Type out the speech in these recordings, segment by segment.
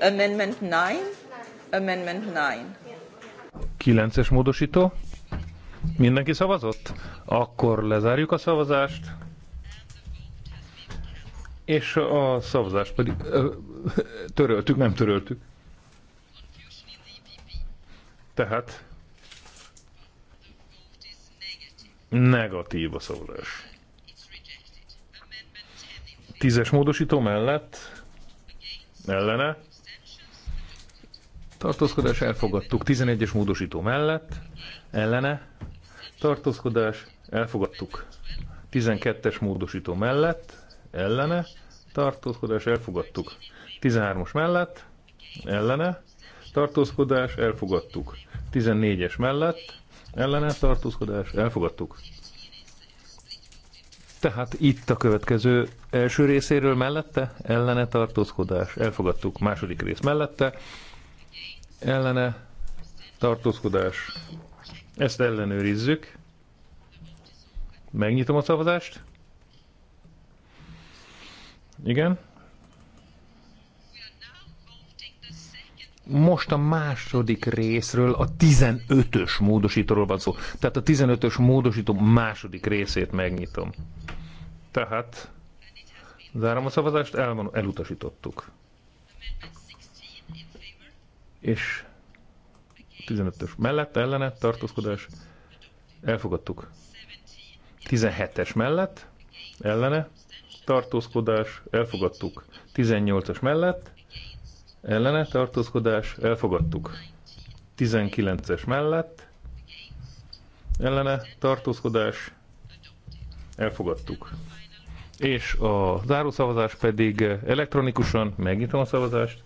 Amendment 9. Amendment 9. 9-es módosító. Mindenki szavazott? Akkor lezárjuk a szavazást. És a szavazást pedig töröltük, nem töröltük. Tehát negatív a szavazás. Tízes módosító mellett ellene. Tartózkodás elfogadtuk 11-es módosító mellett, ellene. Tartózkodás elfogadtuk 12-es módosító mellett, ellene. Tartózkodás elfogadtuk 13-os mellett, ellene. Tartózkodás elfogadtuk 14-es mellett, ellene. Tartózkodás elfogadtuk tehát itt a következő első részéről mellette ellene tartózkodás. Elfogadtuk második rész mellette. Ellene tartózkodás. Ezt ellenőrizzük. Megnyitom a szavazást. Igen. most a második részről, a 15-ös módosítóról van szó. Tehát a 15-ös módosító második részét megnyitom. Tehát zárom a szavazást, el van, elutasítottuk. És 15-ös mellett, ellene, tartózkodás, elfogadtuk. 17-es mellett, ellene, tartózkodás, elfogadtuk. 18-as mellett, ellene tartózkodás elfogadtuk. 19-es mellett ellene tartózkodás elfogadtuk. És a zárószavazás pedig elektronikusan, megnyitom a szavazást.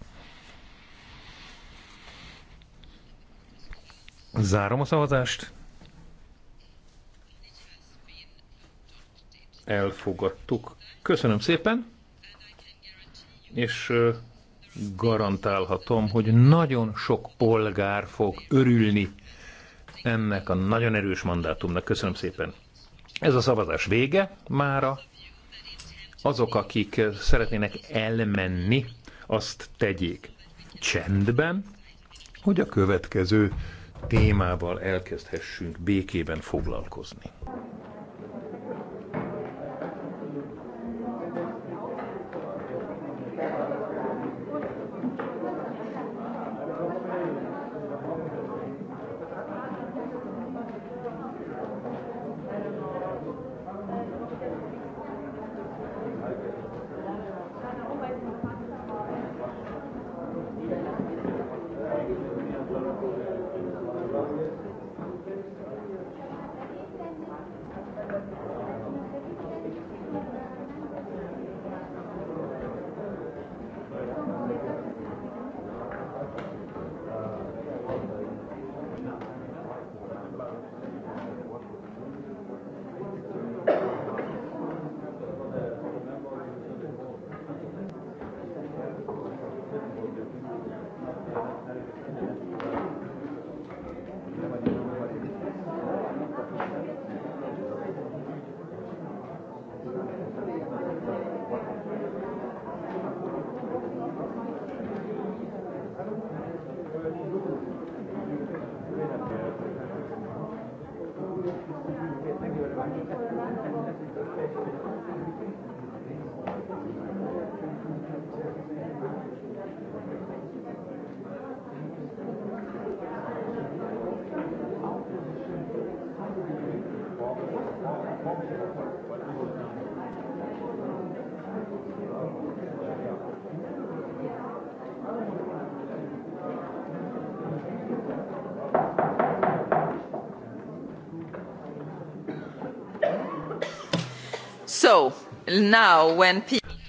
Zárom a szavazást. Elfogadtuk. Köszönöm szépen. És garantálhatom, hogy nagyon sok polgár fog örülni ennek a nagyon erős mandátumnak. Köszönöm szépen. Ez a szavazás vége mára. Azok, akik szeretnének elmenni, azt tegyék csendben, hogy a következő témával elkezdhessünk békében foglalkozni.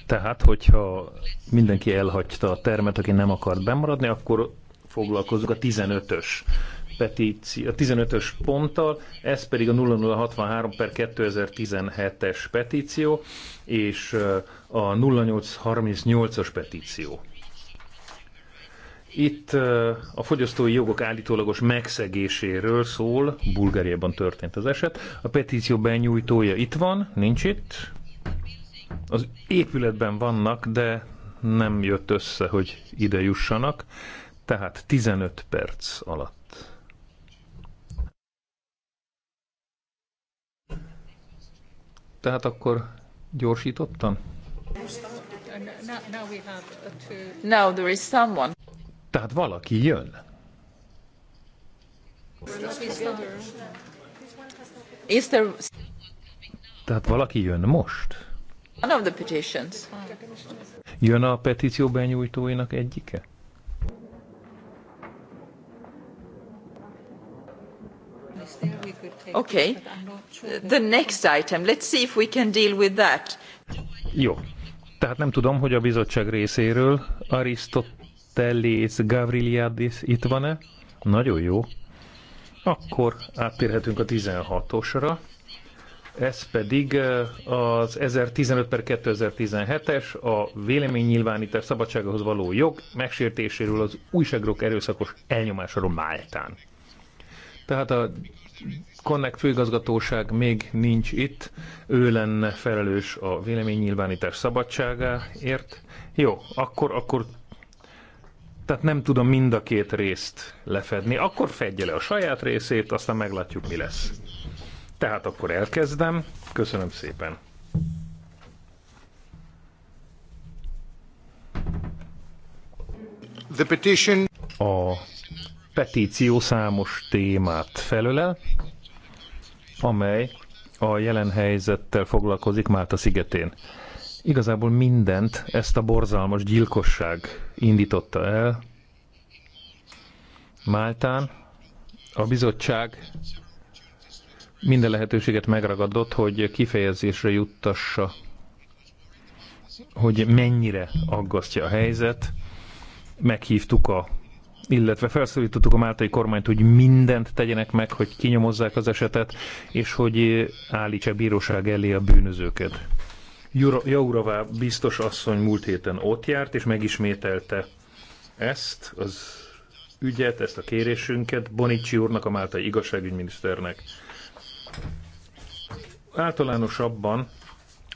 Tehát, hogyha mindenki elhagyta a termet, aki nem akart bemaradni, akkor foglalkozunk a 15-ös petíció, a 15-ös ponttal, ez pedig a 0063 per 2017-es petíció, és a 0838-as petíció. Itt a fogyasztói jogok állítólagos megszegéséről szól, Bulgáriában történt az eset. A petíció benyújtója itt van, nincs itt. Az épületben vannak, de nem jött össze, hogy ide jussanak. Tehát 15 perc alatt. Tehát akkor gyorsítottan? Now there is someone. Tehát valaki jön. Tehát valaki jön most? One of the petitions. Jön a petíció benyújtóinak egyike? Okay. The next item. Let's see if we can deal with that. Jó. Tehát nem tudom, hogy a bizottság részéről Arisztot Stellis Gavriliadis itt van-e? Nagyon jó. Akkor áttérhetünk a 16-osra. Ez pedig az 1015 per 2017-es a véleménynyilvánítás szabadságához való jog megsértéséről az újságírók erőszakos elnyomásáról Máltán. Tehát a Connect főigazgatóság még nincs itt, ő lenne felelős a véleménynyilvánítás szabadságáért. Jó, akkor, akkor tehát nem tudom mind a két részt lefedni. Akkor fedje le a saját részét, aztán meglátjuk, mi lesz. Tehát akkor elkezdem. Köszönöm szépen. The petition. A petíció számos témát felölel, amely a jelen helyzettel foglalkozik Málta szigetén. Igazából mindent ezt a borzalmas gyilkosság indította el. Máltán a bizottság minden lehetőséget megragadott, hogy kifejezésre juttassa, hogy mennyire aggasztja a helyzet. Meghívtuk a illetve felszólítottuk a máltai kormányt, hogy mindent tegyenek meg, hogy kinyomozzák az esetet, és hogy állítsa bíróság elé a bűnözőket. Jourová biztos asszony múlt héten ott járt, és megismételte ezt az ügyet, ezt a kérésünket Bonicsi úrnak, a máltai igazságügyminiszternek. Általánosabban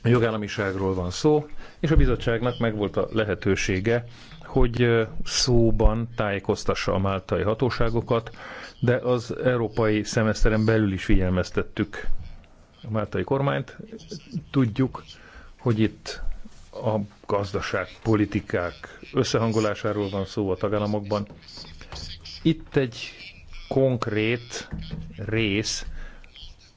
a jogállamiságról van szó, és a bizottságnak megvolt a lehetősége, hogy szóban tájékoztassa a máltai hatóságokat, de az európai szemeszteren belül is figyelmeztettük a máltai kormányt. Tudjuk, hogy itt a gazdaságpolitikák összehangolásáról van szó a tagállamokban. Itt egy konkrét rész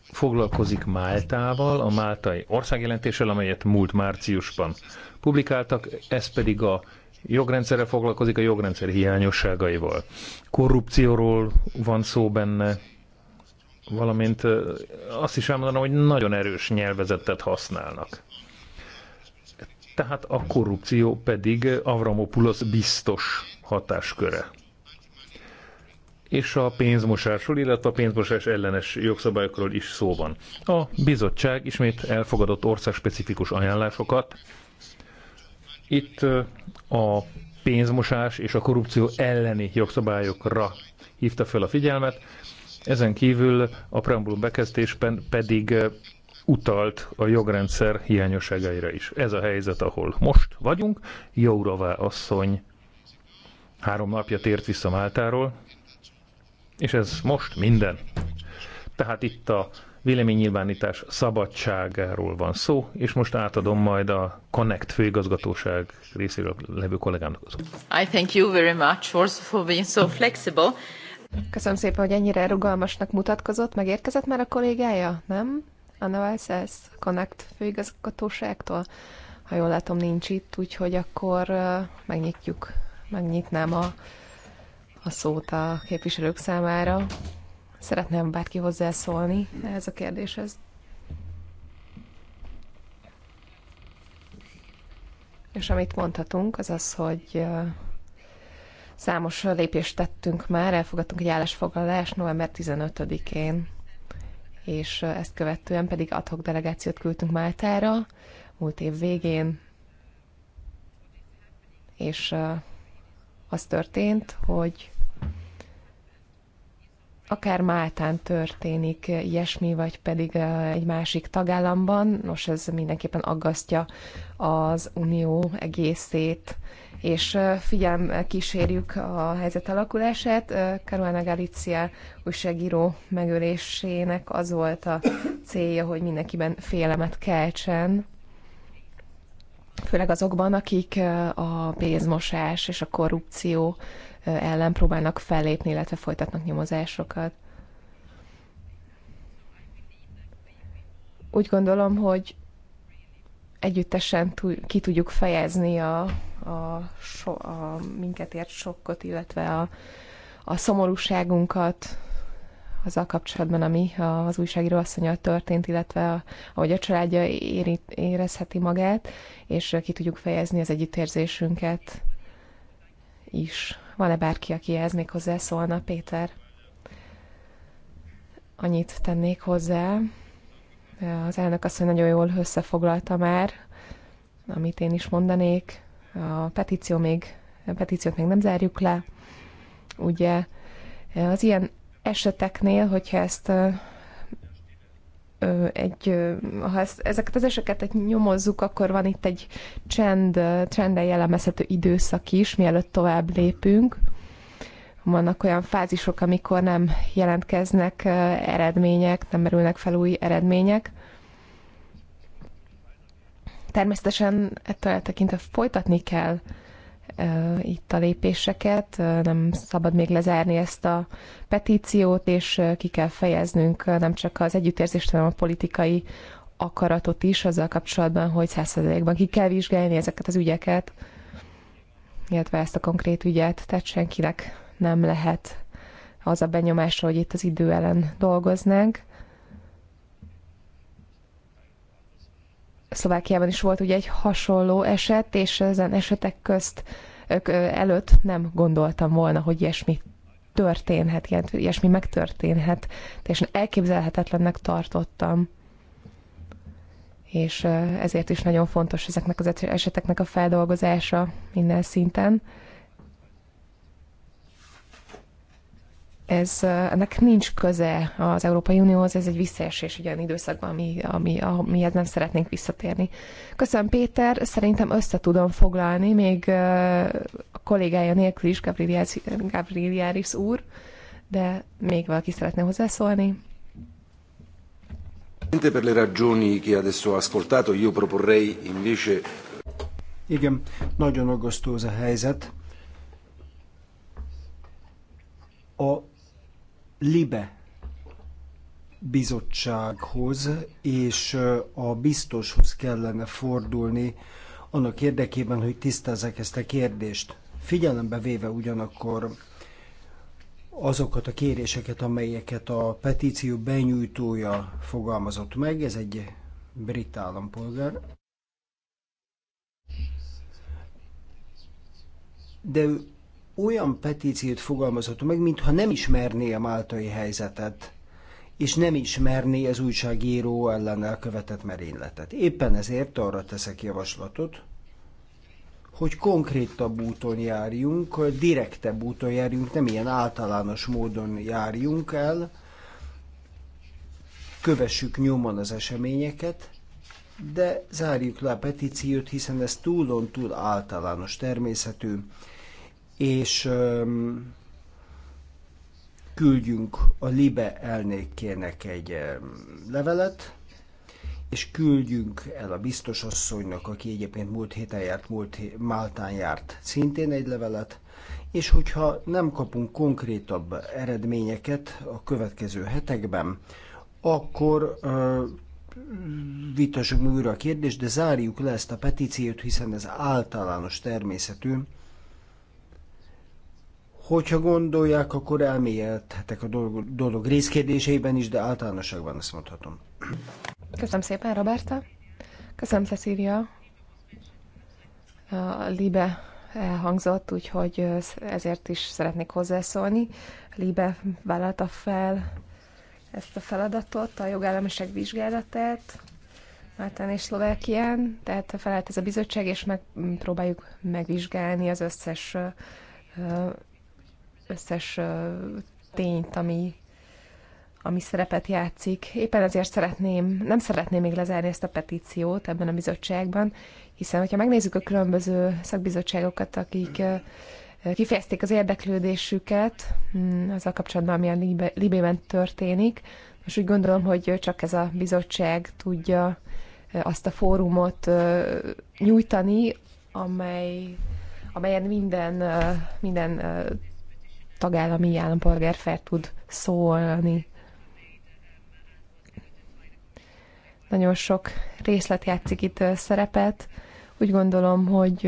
foglalkozik Máltával, a máltai országjelentéssel, amelyet múlt márciusban publikáltak, ez pedig a jogrendszerre foglalkozik, a jogrendszer hiányosságaival. Korrupcióról van szó benne, valamint azt is elmondanom, hogy nagyon erős nyelvezetet használnak tehát a korrupció pedig Avramopulos biztos hatásköre. És a pénzmosásról, illetve a pénzmosás ellenes jogszabályokról is szó van. A bizottság ismét elfogadott országspecifikus ajánlásokat. Itt a pénzmosás és a korrupció elleni jogszabályokra hívta fel a figyelmet, ezen kívül a preambulum bekezdésben pedig utalt a jogrendszer hiányosságaira is. Ez a helyzet, ahol most vagyunk. Jourová asszony három napja tért vissza Máltáról, és ez most minden. Tehát itt a véleménynyilvánítás szabadságáról van szó, és most átadom majd a Connect főigazgatóság részéről levő kollégámnak. I thank you very much for for being so flexible. Köszönöm szépen, hogy ennyire rugalmasnak mutatkozott. Megérkezett már a kollégája, nem? a Novelces Connect főigazgatóságtól? Ha jól látom, nincs itt, úgyhogy akkor megnyitjuk, megnyitnám a, a szót a képviselők számára. Szeretném bárki hozzászólni ehhez a kérdéshez. És amit mondhatunk, az az, hogy számos lépést tettünk már, elfogadtunk egy állásfoglalást november 15-én és ezt követően pedig adhok delegációt küldtünk Máltára múlt év végén, és az történt, hogy akár Máltán történik ilyesmi, vagy pedig egy másik tagállamban, nos ez mindenképpen aggasztja az unió egészét, és figyelm kísérjük a helyzet alakulását. Caruana Galicia újságíró megölésének az volt a célja, hogy mindenkiben félemet keltsen, főleg azokban, akik a pénzmosás és a korrupció ellen próbálnak fellépni, illetve folytatnak nyomozásokat. Úgy gondolom, hogy együttesen ki tudjuk fejezni a a, so, a minket ért sokkot, illetve a, a szomorúságunkat azzal kapcsolatban, ami az újságíró asszonyal történt, illetve a, ahogy a családja éri, érezheti magát, és ki tudjuk fejezni az együttérzésünket is. Van-e bárki, aki ehhez még hozzászólna? Péter? Annyit tennék hozzá. Az elnök asszony nagyon jól összefoglalta már, amit én is mondanék a petíció még, a petíciót még nem zárjuk le. Ugye az ilyen eseteknél, hogyha ezt egy, ha ezt, ezeket az eseket nyomozzuk, akkor van itt egy csend, trenden jellemezhető időszak is, mielőtt tovább lépünk. Vannak olyan fázisok, amikor nem jelentkeznek eredmények, nem merülnek fel új eredmények. Természetesen ettől eltekintve folytatni kell itt a lépéseket, nem szabad még lezárni ezt a petíciót, és ki kell fejeznünk nem csak az együttérzést, hanem a politikai akaratot is azzal kapcsolatban, hogy százszerzelékben ki kell vizsgálni ezeket az ügyeket, illetve ezt a konkrét ügyet, tehát senkinek nem lehet az a benyomása, hogy itt az idő ellen dolgoznánk. Szlovákiában is volt ugye egy hasonló eset, és ezen esetek közt előtt nem gondoltam volna, hogy ilyesmi történhet, ilyesmi megtörténhet. Teljesen elképzelhetetlennek tartottam. És ezért is nagyon fontos ezeknek az eseteknek a feldolgozása minden szinten. ez, ennek nincs köze az Európai Unióhoz, ez egy visszaesés egy olyan időszakban, ami, ami, amihez nem szeretnénk visszatérni. Köszönöm, Péter, szerintem össze tudom foglalni, még a kollégája nélkül is, Gabriel Járis úr, de még valaki szeretne hozzászólni. Per le ragioni che adesso ho ascoltato, io proporrei invece... Igen, nagyon aggasztó ez a helyzet Libe bizottsághoz és a biztoshoz kellene fordulni annak érdekében, hogy tisztázzák ezt a kérdést. Figyelembe véve ugyanakkor azokat a kéréseket, amelyeket a petíció benyújtója fogalmazott meg, ez egy brit állampolgár, de olyan petíciót fogalmazott meg, mintha nem ismerné a máltai helyzetet, és nem ismerné az újságíró ellen elkövetett merényletet. Éppen ezért arra teszek javaslatot, hogy konkrétabb úton járjunk, direktebb úton járjunk, nem ilyen általános módon járjunk el, kövessük nyomon az eseményeket, de zárjuk le a petíciót, hiszen ez túlon túl általános természetű, és küldjünk a Libe elnékének egy levelet, és küldjünk el a biztos asszonynak, aki egyébként múlt héten járt, múlt hé- Máltán járt, szintén egy levelet, és hogyha nem kapunk konkrétabb eredményeket a következő hetekben, akkor uh, vitassuk újra a kérdést, de zárjuk le ezt a petíciót, hiszen ez általános természetű, Hogyha gondolják, akkor elmélyedhetek a dolog, dolog részkérdéseiben is, de általánosságban ezt mondhatom. Köszönöm szépen, Roberta. Köszönöm, Cecília. A Libe elhangzott, úgyhogy ezért is szeretnék hozzászólni. A Libe vállalta fel ezt a feladatot, a jogállamiság vizsgálatát, Máltán és Szlovákián, tehát felállt ez a bizottság, és megpróbáljuk megvizsgálni az összes összes tényt, ami, ami szerepet játszik. Éppen ezért szeretném, nem szeretném még lezárni ezt a petíciót ebben a bizottságban, hiszen hogyha megnézzük a különböző szakbizottságokat, akik kifejezték az érdeklődésüket hmm, azzal kapcsolatban, ami a Libében történik, most úgy gondolom, hogy csak ez a bizottság tudja azt a fórumot nyújtani, amely, amelyen minden, minden tagállami állampolgár fel tud szólni. Nagyon sok részlet játszik itt szerepet. Úgy gondolom, hogy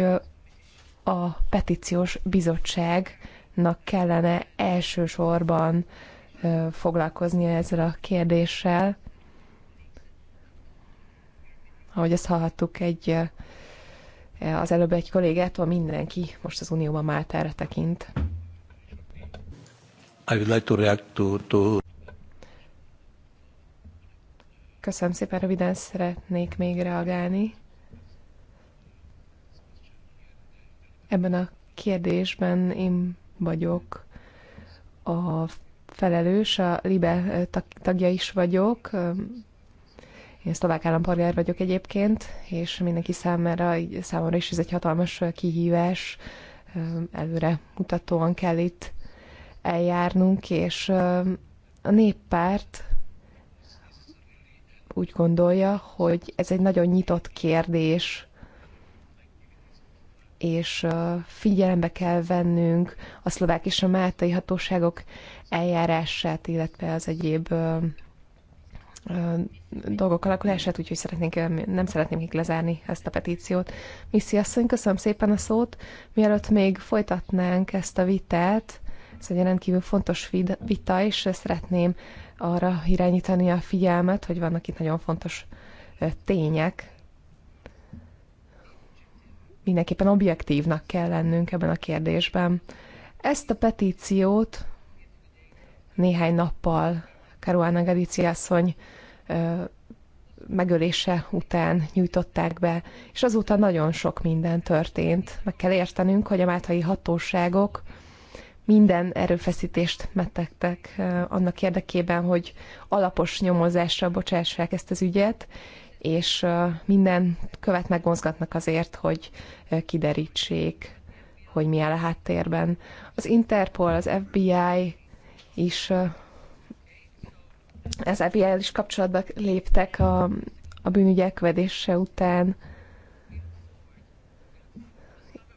a petíciós bizottságnak kellene elsősorban foglalkoznia ezzel a kérdéssel. Ahogy ezt hallhattuk egy az előbb egy kollégától, mindenki most az Unióban Máltára tekint. I would like to react to, to... Köszönöm szépen, röviden szeretnék még reagálni. Ebben a kérdésben én vagyok a felelős, a LIBE tagja is vagyok. Én szlovák állampolgár vagyok egyébként, és mindenki számára, számomra is ez egy hatalmas kihívás. Előre mutatóan kell itt eljárnunk, és a néppárt úgy gondolja, hogy ez egy nagyon nyitott kérdés, és figyelembe kell vennünk a szlovák és a máltai hatóságok eljárását, illetve az egyéb dolgok alakulását, úgyhogy szeretnénk, nem szeretném még lezárni ezt a petíciót. Misszi asszony, köszönöm szépen a szót. Mielőtt még folytatnánk ezt a vitát, Szóval Ez egy rendkívül fontos vita, és szeretném arra irányítani a figyelmet, hogy vannak itt nagyon fontos tények. Mindenképpen objektívnak kell lennünk ebben a kérdésben. Ezt a petíciót néhány nappal Karuana Gadici asszony megölése után nyújtották be, és azóta nagyon sok minden történt. Meg kell értenünk, hogy a máltai hatóságok minden erőfeszítést megtettek eh, annak érdekében, hogy alapos nyomozásra bocsássák ezt az ügyet, és eh, minden követ megmozgatnak azért, hogy eh, kiderítsék, hogy mi áll a háttérben. Az Interpol, az FBI is az fbi is kapcsolatba léptek a, a bűnügyek vedése után,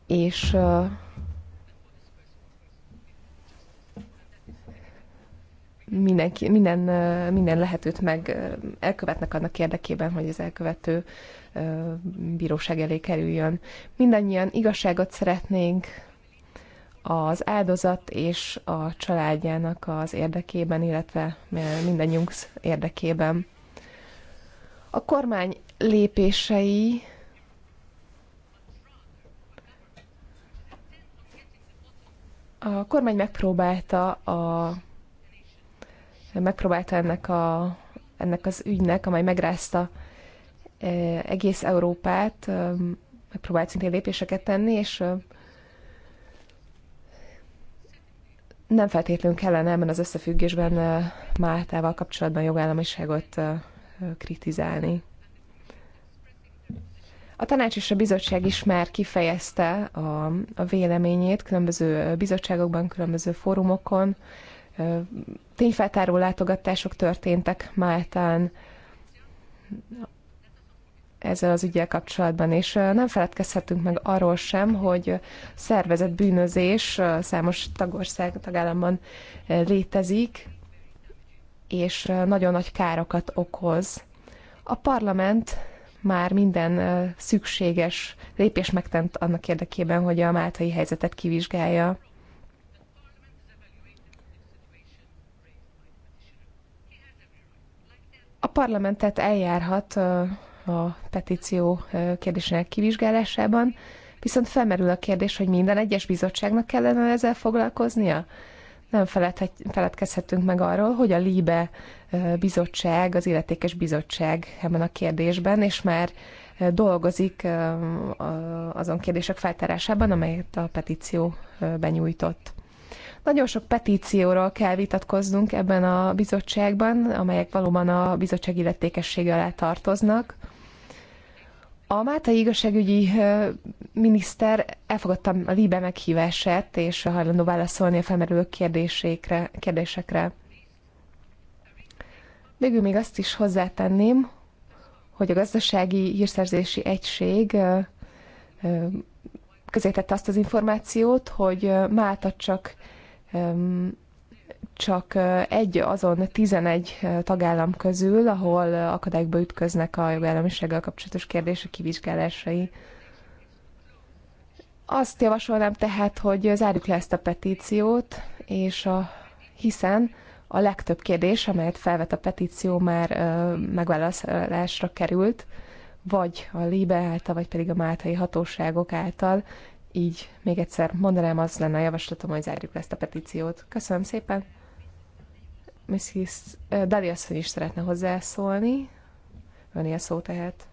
és mindenki, minden, minden lehetőt meg elkövetnek annak érdekében, hogy az elkövető bíróság elé kerüljön. Mindannyian igazságot szeretnénk az áldozat és a családjának az érdekében, illetve mindannyiunk érdekében. A kormány lépései a kormány megpróbálta a megpróbálta ennek, a, ennek az ügynek, amely megrázta e, egész Európát, megpróbált szintén lépéseket tenni, és nem feltétlenül kellene ebben az összefüggésben Máltával kapcsolatban jogállamiságot kritizálni. A tanács és a bizottság is már kifejezte a, a véleményét különböző bizottságokban, különböző fórumokon, tényfeltáró látogatások történtek Máltán ezzel az ügyel kapcsolatban, és nem feledkezhetünk meg arról sem, hogy szervezett bűnözés számos tagország, tagállamban létezik, és nagyon nagy károkat okoz. A parlament már minden szükséges lépés megtent annak érdekében, hogy a máltai helyzetet kivizsgálja. A parlamentet eljárhat a petíció kérdésének kivizsgálásában, viszont felmerül a kérdés, hogy minden egyes bizottságnak kellene ezzel foglalkoznia? Nem feledkezhetünk meg arról, hogy a LIBE bizottság, az illetékes bizottság ebben a kérdésben, és már dolgozik azon kérdések feltárásában, amelyet a petíció benyújtott. Nagyon sok petícióról kell vitatkoznunk ebben a bizottságban, amelyek valóban a bizottság illetékessége alá tartoznak. A Mátai igazságügyi miniszter elfogadta a Libe meghívását, és hajlandó válaszolni a felmerülő kérdésekre. kérdésekre. Végül még azt is hozzátenném, hogy a gazdasági hírszerzési egység közétette azt az információt, hogy Málta csak csak egy azon 11 tagállam közül, ahol akadályokba ütköznek a jogállamisággal kapcsolatos kérdések kivizsgálásai. Azt javasolnám tehát, hogy zárjuk le ezt a petíciót, és a, hiszen a legtöbb kérdés, amelyet felvet a petíció, már megválaszolásra került, vagy a Libe által, vagy pedig a máltai hatóságok által, így még egyszer mondanám, az lenne a javaslatom, hogy zárjuk le ezt a petíciót. Köszönöm szépen. Mrs. Dali asszony is szeretne hozzászólni. Önél szó tehet.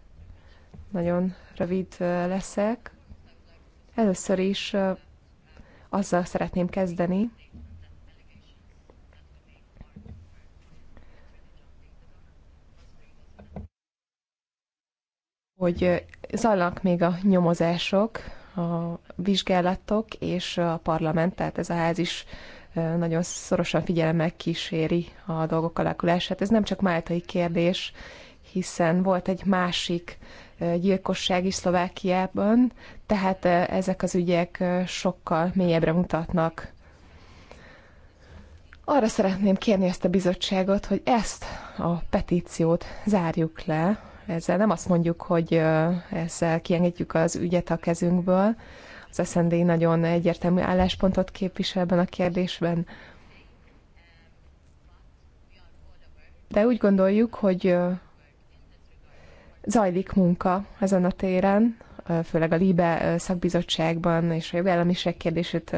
Nagyon rövid leszek. Először is azzal szeretném kezdeni, hogy zajlanak még a nyomozások, a vizsgálatok, és a parlament, tehát ez a ház is nagyon szorosan figyelemmel kíséri a dolgok alakulását. Ez nem csak máltai kérdés, hiszen volt egy másik gyilkosság is Szlovákiában, tehát ezek az ügyek sokkal mélyebbre mutatnak. Arra szeretném kérni ezt a bizottságot, hogy ezt a petíciót zárjuk le, ezzel nem azt mondjuk, hogy ezzel kiengedjük az ügyet a kezünkből. Az SND nagyon egyértelmű álláspontot képvisel ebben a kérdésben. De úgy gondoljuk, hogy zajlik munka ezen a téren, főleg a LIBE szakbizottságban és a jogállamiság kérdését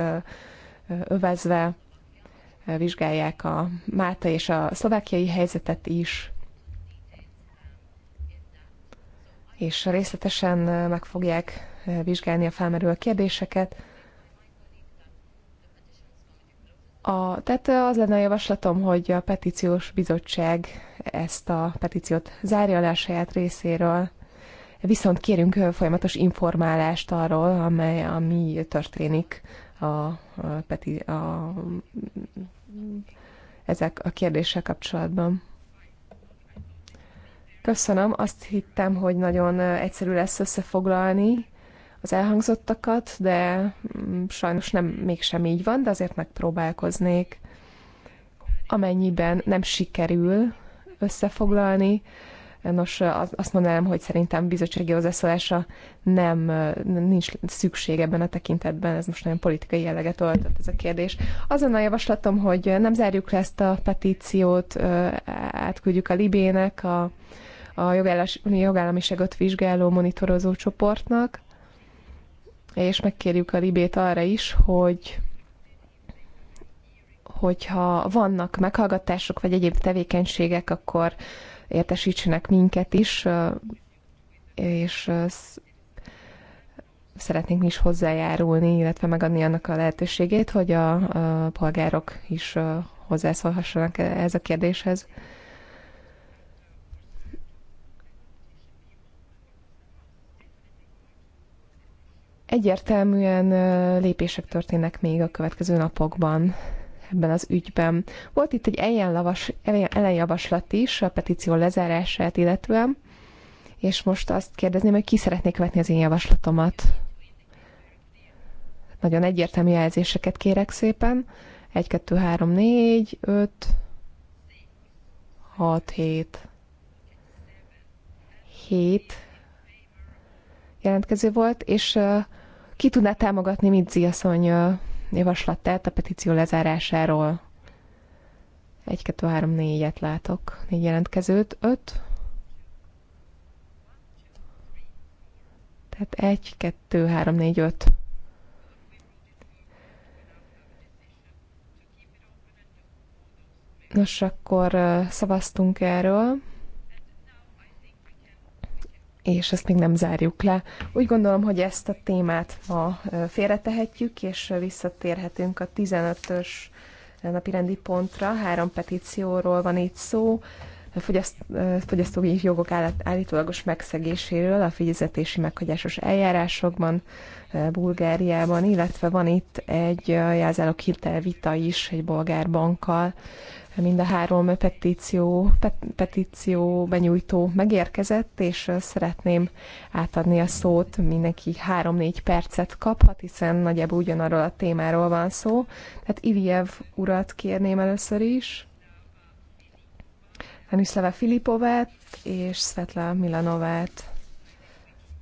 övezve vizsgálják a Máta és a szlovákiai helyzetet is. és részletesen meg fogják vizsgálni a felmerülő kérdéseket. A, tehát az lenne a javaslatom, hogy a petíciós bizottság ezt a petíciót zárja le a saját részéről, viszont kérünk folyamatos informálást arról, amely, ami történik a, a, peti, a, ezek a kérdéssel kapcsolatban. Köszönöm, azt hittem, hogy nagyon egyszerű lesz összefoglalni az elhangzottakat, de mm, sajnos nem, mégsem így van, de azért megpróbálkoznék. Amennyiben nem sikerül összefoglalni, Nos, azt mondanám, hogy szerintem bizottsági hozzászólása nem, nincs szükség ebben a tekintetben, ez most nagyon politikai jelleget oltott ez a kérdés. Azon a javaslatom, hogy nem zárjuk le ezt a petíciót, átküldjük a Libének, a a jogállamiságot vizsgáló monitorozó csoportnak, és megkérjük a Libét arra is, hogy hogyha vannak meghallgatások vagy egyéb tevékenységek, akkor értesítsenek minket is, és szeretnénk is hozzájárulni, illetve megadni annak a lehetőségét, hogy a, a polgárok is hozzászólhassanak ehhez a kérdéshez. Egyértelműen lépések történnek még a következő napokban ebben az ügyben. Volt itt egy elejjavaslat is a petíció lezárását illetően, és most azt kérdezném, hogy ki szeretné követni az én javaslatomat. Nagyon egyértelmű jelzéseket kérek szépen. 1, 2, 3, 4, 5, 6, 7, 7 jelentkező volt, és ki tudná támogatni Midzi asszony javaslatát a petíció lezárásáról? 1, 2, 3, 4-et látok. 4 jelentkezőt. 5. Tehát 1, 2, 3, 4, 5. Nos, akkor szavaztunk erről és ezt még nem zárjuk le. Úgy gondolom, hogy ezt a témát ma félretehetjük, és visszatérhetünk a 15-ös napirendi pontra. Három petícióról van itt szó. fogyasztói jogok állítólagos megszegéséről a fizetési meghagyásos eljárásokban Bulgáriában, illetve van itt egy jelzálog hitelvita is egy bolgár bankkal mind a három petíció, pet, petíció benyújtó megérkezett, és szeretném átadni a szót, mindenki három-négy percet kaphat, hiszen nagyjából ugyanarról a témáról van szó. Tehát Iliev urat kérném először is, Anislava Filipovát és Svetla Milanovát.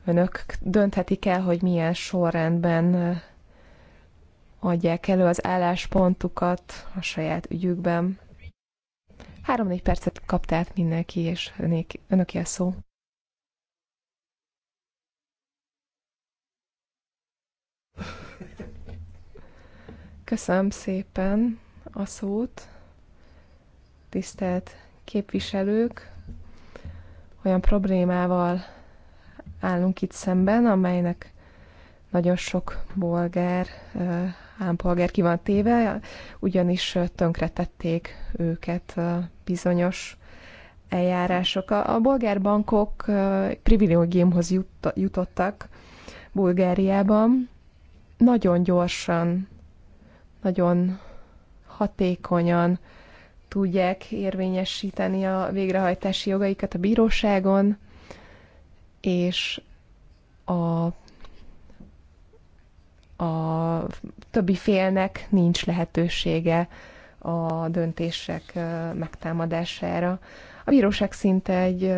Önök dönthetik el, hogy milyen sorrendben adják elő az álláspontukat a saját ügyükben. Három-négy percet kaptál mindenki, és önök önöki a szó. Köszönöm szépen a szót, tisztelt képviselők. Olyan problémával állunk itt szemben, amelynek nagyon sok bolgár, állampolgár ki van téve, ugyanis tönkretették őket bizonyos eljárások. A, a bolgár bankok privilégiumhoz jut, jutottak Bulgáriában. Nagyon gyorsan, nagyon hatékonyan tudják érvényesíteni a végrehajtási jogaikat a bíróságon, és a a többi félnek nincs lehetősége a döntések megtámadására. A bíróság szinte egy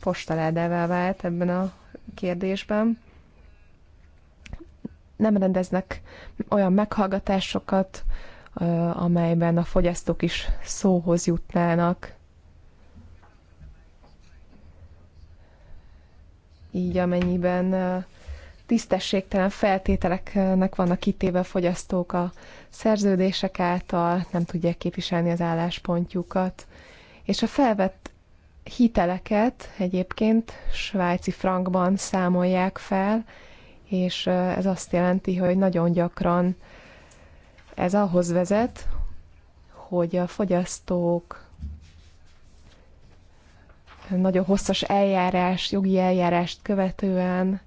postaládává vált ebben a kérdésben. Nem rendeznek olyan meghallgatásokat, amelyben a fogyasztók is szóhoz jutnának. Így amennyiben tisztességtelen feltételeknek vannak kitéve a fogyasztók a szerződések által, nem tudják képviselni az álláspontjukat. És a felvett hiteleket egyébként svájci frankban számolják fel, és ez azt jelenti, hogy nagyon gyakran ez ahhoz vezet, hogy a fogyasztók nagyon hosszas eljárás, jogi eljárást követően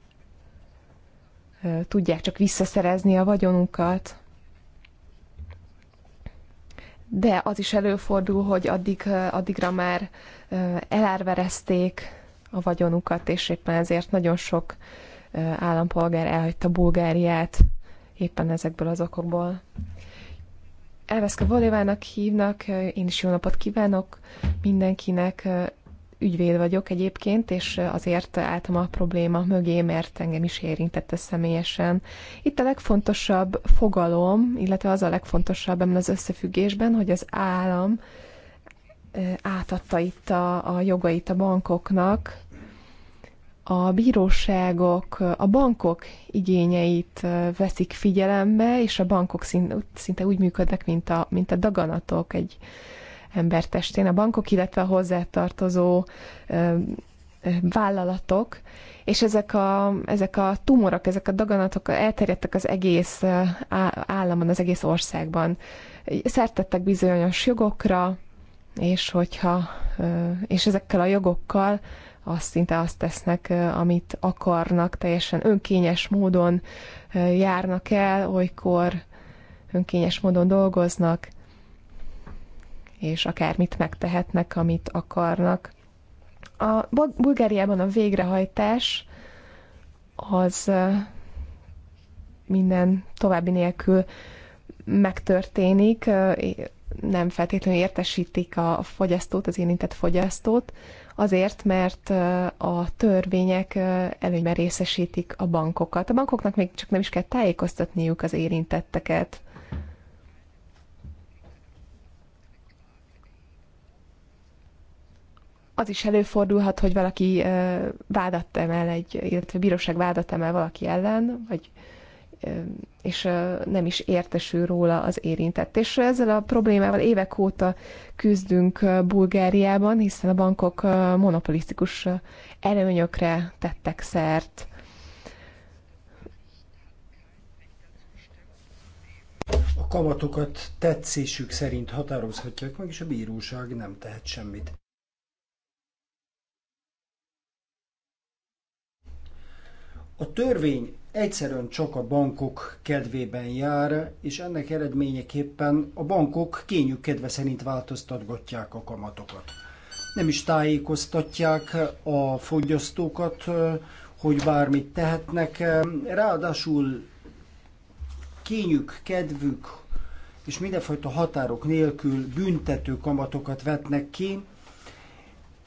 tudják csak visszaszerezni a vagyonukat. De az is előfordul, hogy addig, addigra már elárverezték a vagyonukat, és éppen ezért nagyon sok állampolgár elhagyta Bulgáriát éppen ezekből az okokból. Elveszke Volévának hívnak, én is jó napot kívánok mindenkinek ügyvéd vagyok egyébként, és azért álltam a probléma mögé, mert engem is érintette személyesen. Itt a legfontosabb fogalom, illetve az a legfontosabb ebben az összefüggésben, hogy az állam átadta itt a, a jogait a bankoknak, a bíróságok a bankok igényeit veszik figyelembe, és a bankok szinte úgy működnek, mint a, mint a daganatok egy, embertestén, a bankok, illetve a hozzátartozó vállalatok, és ezek a, ezek a tumorok, ezek a daganatok elterjedtek az egész államon, az egész országban. Szertettek bizonyos jogokra, és hogyha, és ezekkel a jogokkal azt szinte azt tesznek, amit akarnak, teljesen önkényes módon járnak el, olykor önkényes módon dolgoznak, és akármit megtehetnek, amit akarnak. A Bulgáriában a végrehajtás az minden további nélkül megtörténik, nem feltétlenül értesítik a fogyasztót, az érintett fogyasztót, azért, mert a törvények előnyben részesítik a bankokat. A bankoknak még csak nem is kell tájékoztatniuk az érintetteket. az is előfordulhat, hogy valaki vádat emel egy, illetve bíróság vádat emel valaki ellen, vagy és nem is értesül róla az érintett. És ezzel a problémával évek óta küzdünk Bulgáriában, hiszen a bankok monopolisztikus előnyökre tettek szert. A kamatokat tetszésük szerint határozhatják meg, és a bíróság nem tehet semmit. A törvény egyszerűen csak a bankok kedvében jár, és ennek eredményeképpen a bankok kényük kedve szerint változtatgatják a kamatokat. Nem is tájékoztatják a fogyasztókat, hogy bármit tehetnek, ráadásul kényük, kedvük és mindenfajta határok nélkül büntető kamatokat vetnek ki,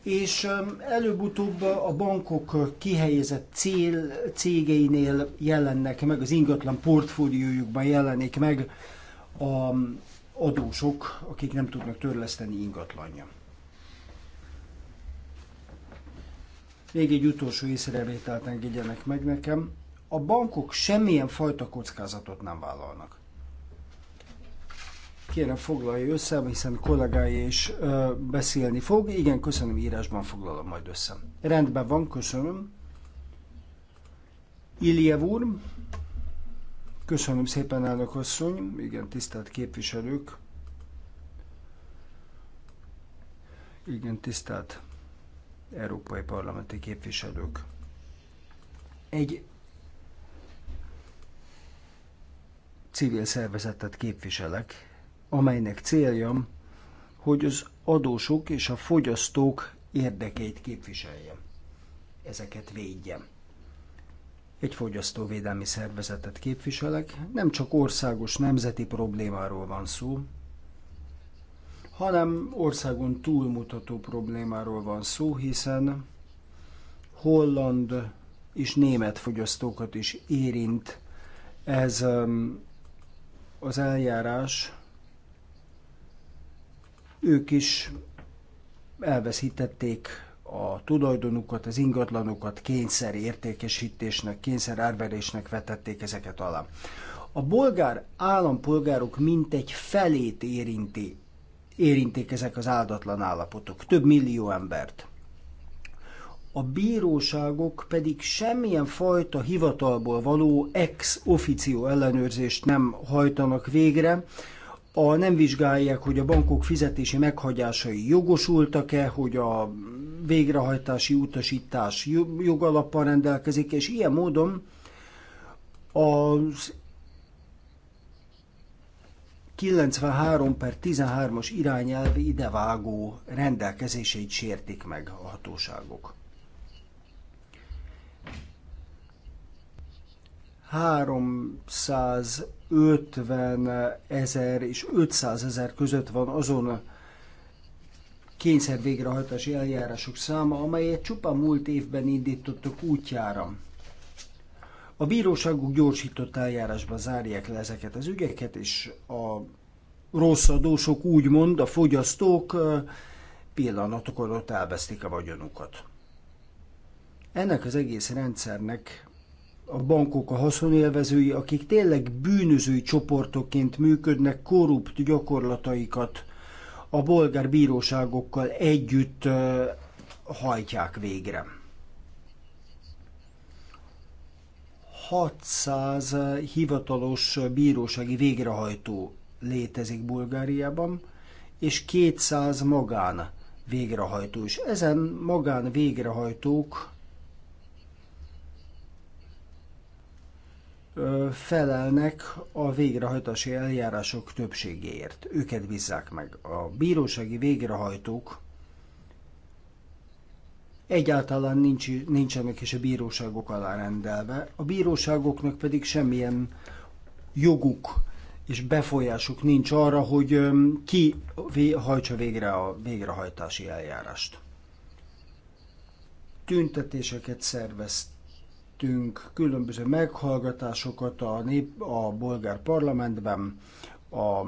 és előbb-utóbb a bankok kihelyezett cél, cégeinél jelennek meg, az ingatlan portfóliójukban jelenik meg a adósok, akik nem tudnak törleszteni ingatlanja. Még egy utolsó észrevételt engedjenek meg nekem. A bankok semmilyen fajta kockázatot nem vállalnak kérem foglalja össze, hiszen kollégája is ö, beszélni fog. Igen, köszönöm, írásban foglalom majd össze. Rendben van, köszönöm. Iliev úr, köszönöm szépen, elnök asszony, igen, tisztelt képviselők, igen, tisztelt európai parlamenti képviselők. Egy civil szervezetet képviselek, amelynek célja, hogy az adósok és a fogyasztók érdekeit képviselje. Ezeket védje. Egy fogyasztóvédelmi szervezetet képviselek, nem csak országos nemzeti problémáról van szó, hanem országon túlmutató problémáról van szó, hiszen holland és német fogyasztókat is érint ez um, az eljárás, ők is elveszítették a tulajdonukat, az ingatlanokat kényszer értékesítésnek, kényszer árverésnek vetették ezeket alá. A bolgár állampolgárok mintegy felét érinti, érintik ezek az áldatlan állapotok, több millió embert. A bíróságok pedig semmilyen fajta hivatalból való ex officio ellenőrzést nem hajtanak végre, a, nem vizsgálják, hogy a bankok fizetési meghagyásai jogosultak-e, hogy a végrehajtási utasítás jogalappal rendelkezik, és ilyen módon az 93 per 13-as irányelv idevágó rendelkezéseit sértik meg a hatóságok. Háromszáz 50 ezer és 500 ezer között van azon kényszer végrehajtási eljárások száma, amelyet csupán múlt évben indítottak útjára. A bíróságok gyorsított eljárásba zárják le ezeket az ügyeket, és a rossz adósok, úgymond a fogyasztók pillanatok alatt elvesztik a vagyonukat. Ennek az egész rendszernek a bankok a haszonélvezői, akik tényleg bűnözői csoportokként működnek, korrupt gyakorlataikat a bolgár bíróságokkal együtt hajtják végre. 600 hivatalos bírósági végrehajtó létezik Bulgáriában, és 200 magán végrehajtó. És ezen magán végrehajtók felelnek a végrehajtási eljárások többségéért. Őket bízzák meg. A bírósági végrehajtók egyáltalán nincs, nincsenek is a bíróságok alá rendelve, a bíróságoknak pedig semmilyen joguk és befolyásuk nincs arra, hogy ki hajtsa végre a végrehajtási eljárást. Tüntetéseket szervezt Szerveztünk különböző meghallgatásokat a, nép, a bolgár parlamentben, a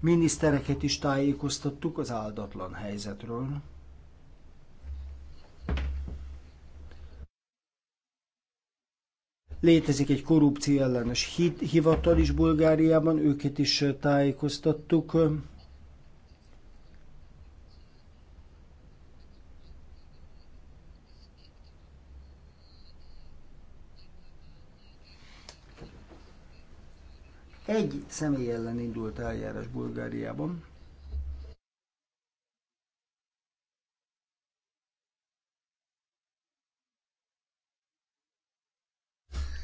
minisztereket is tájékoztattuk az áldatlan helyzetről. Létezik egy korrupció ellenes hivatal is Bulgáriában, őket is tájékoztattuk. Egy személy ellen indult eljárás Bulgáriában,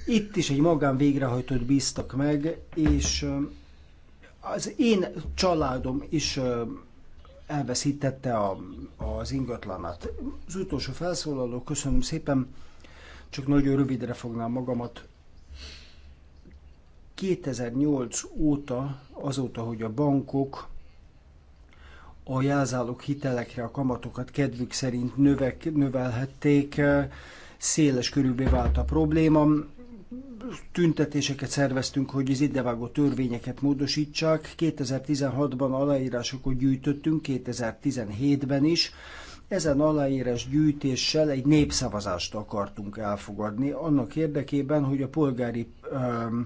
Itt is egy magán végrehajtót bíztak meg, és az én családom is elveszítette a, az ingatlanát. Az utolsó felszólaló, köszönöm szépen, csak nagyon rövidre fognám magamat. 2008 óta, azóta, hogy a bankok a jelzálók hitelekre a kamatokat kedvük szerint növek, növelhették, eh, széles körülbé vált a probléma. Tüntetéseket szerveztünk, hogy az idevágó törvényeket módosítsák. 2016-ban aláírásokat gyűjtöttünk, 2017-ben is. Ezen aláírás gyűjtéssel egy népszavazást akartunk elfogadni, annak érdekében, hogy a polgári ehm,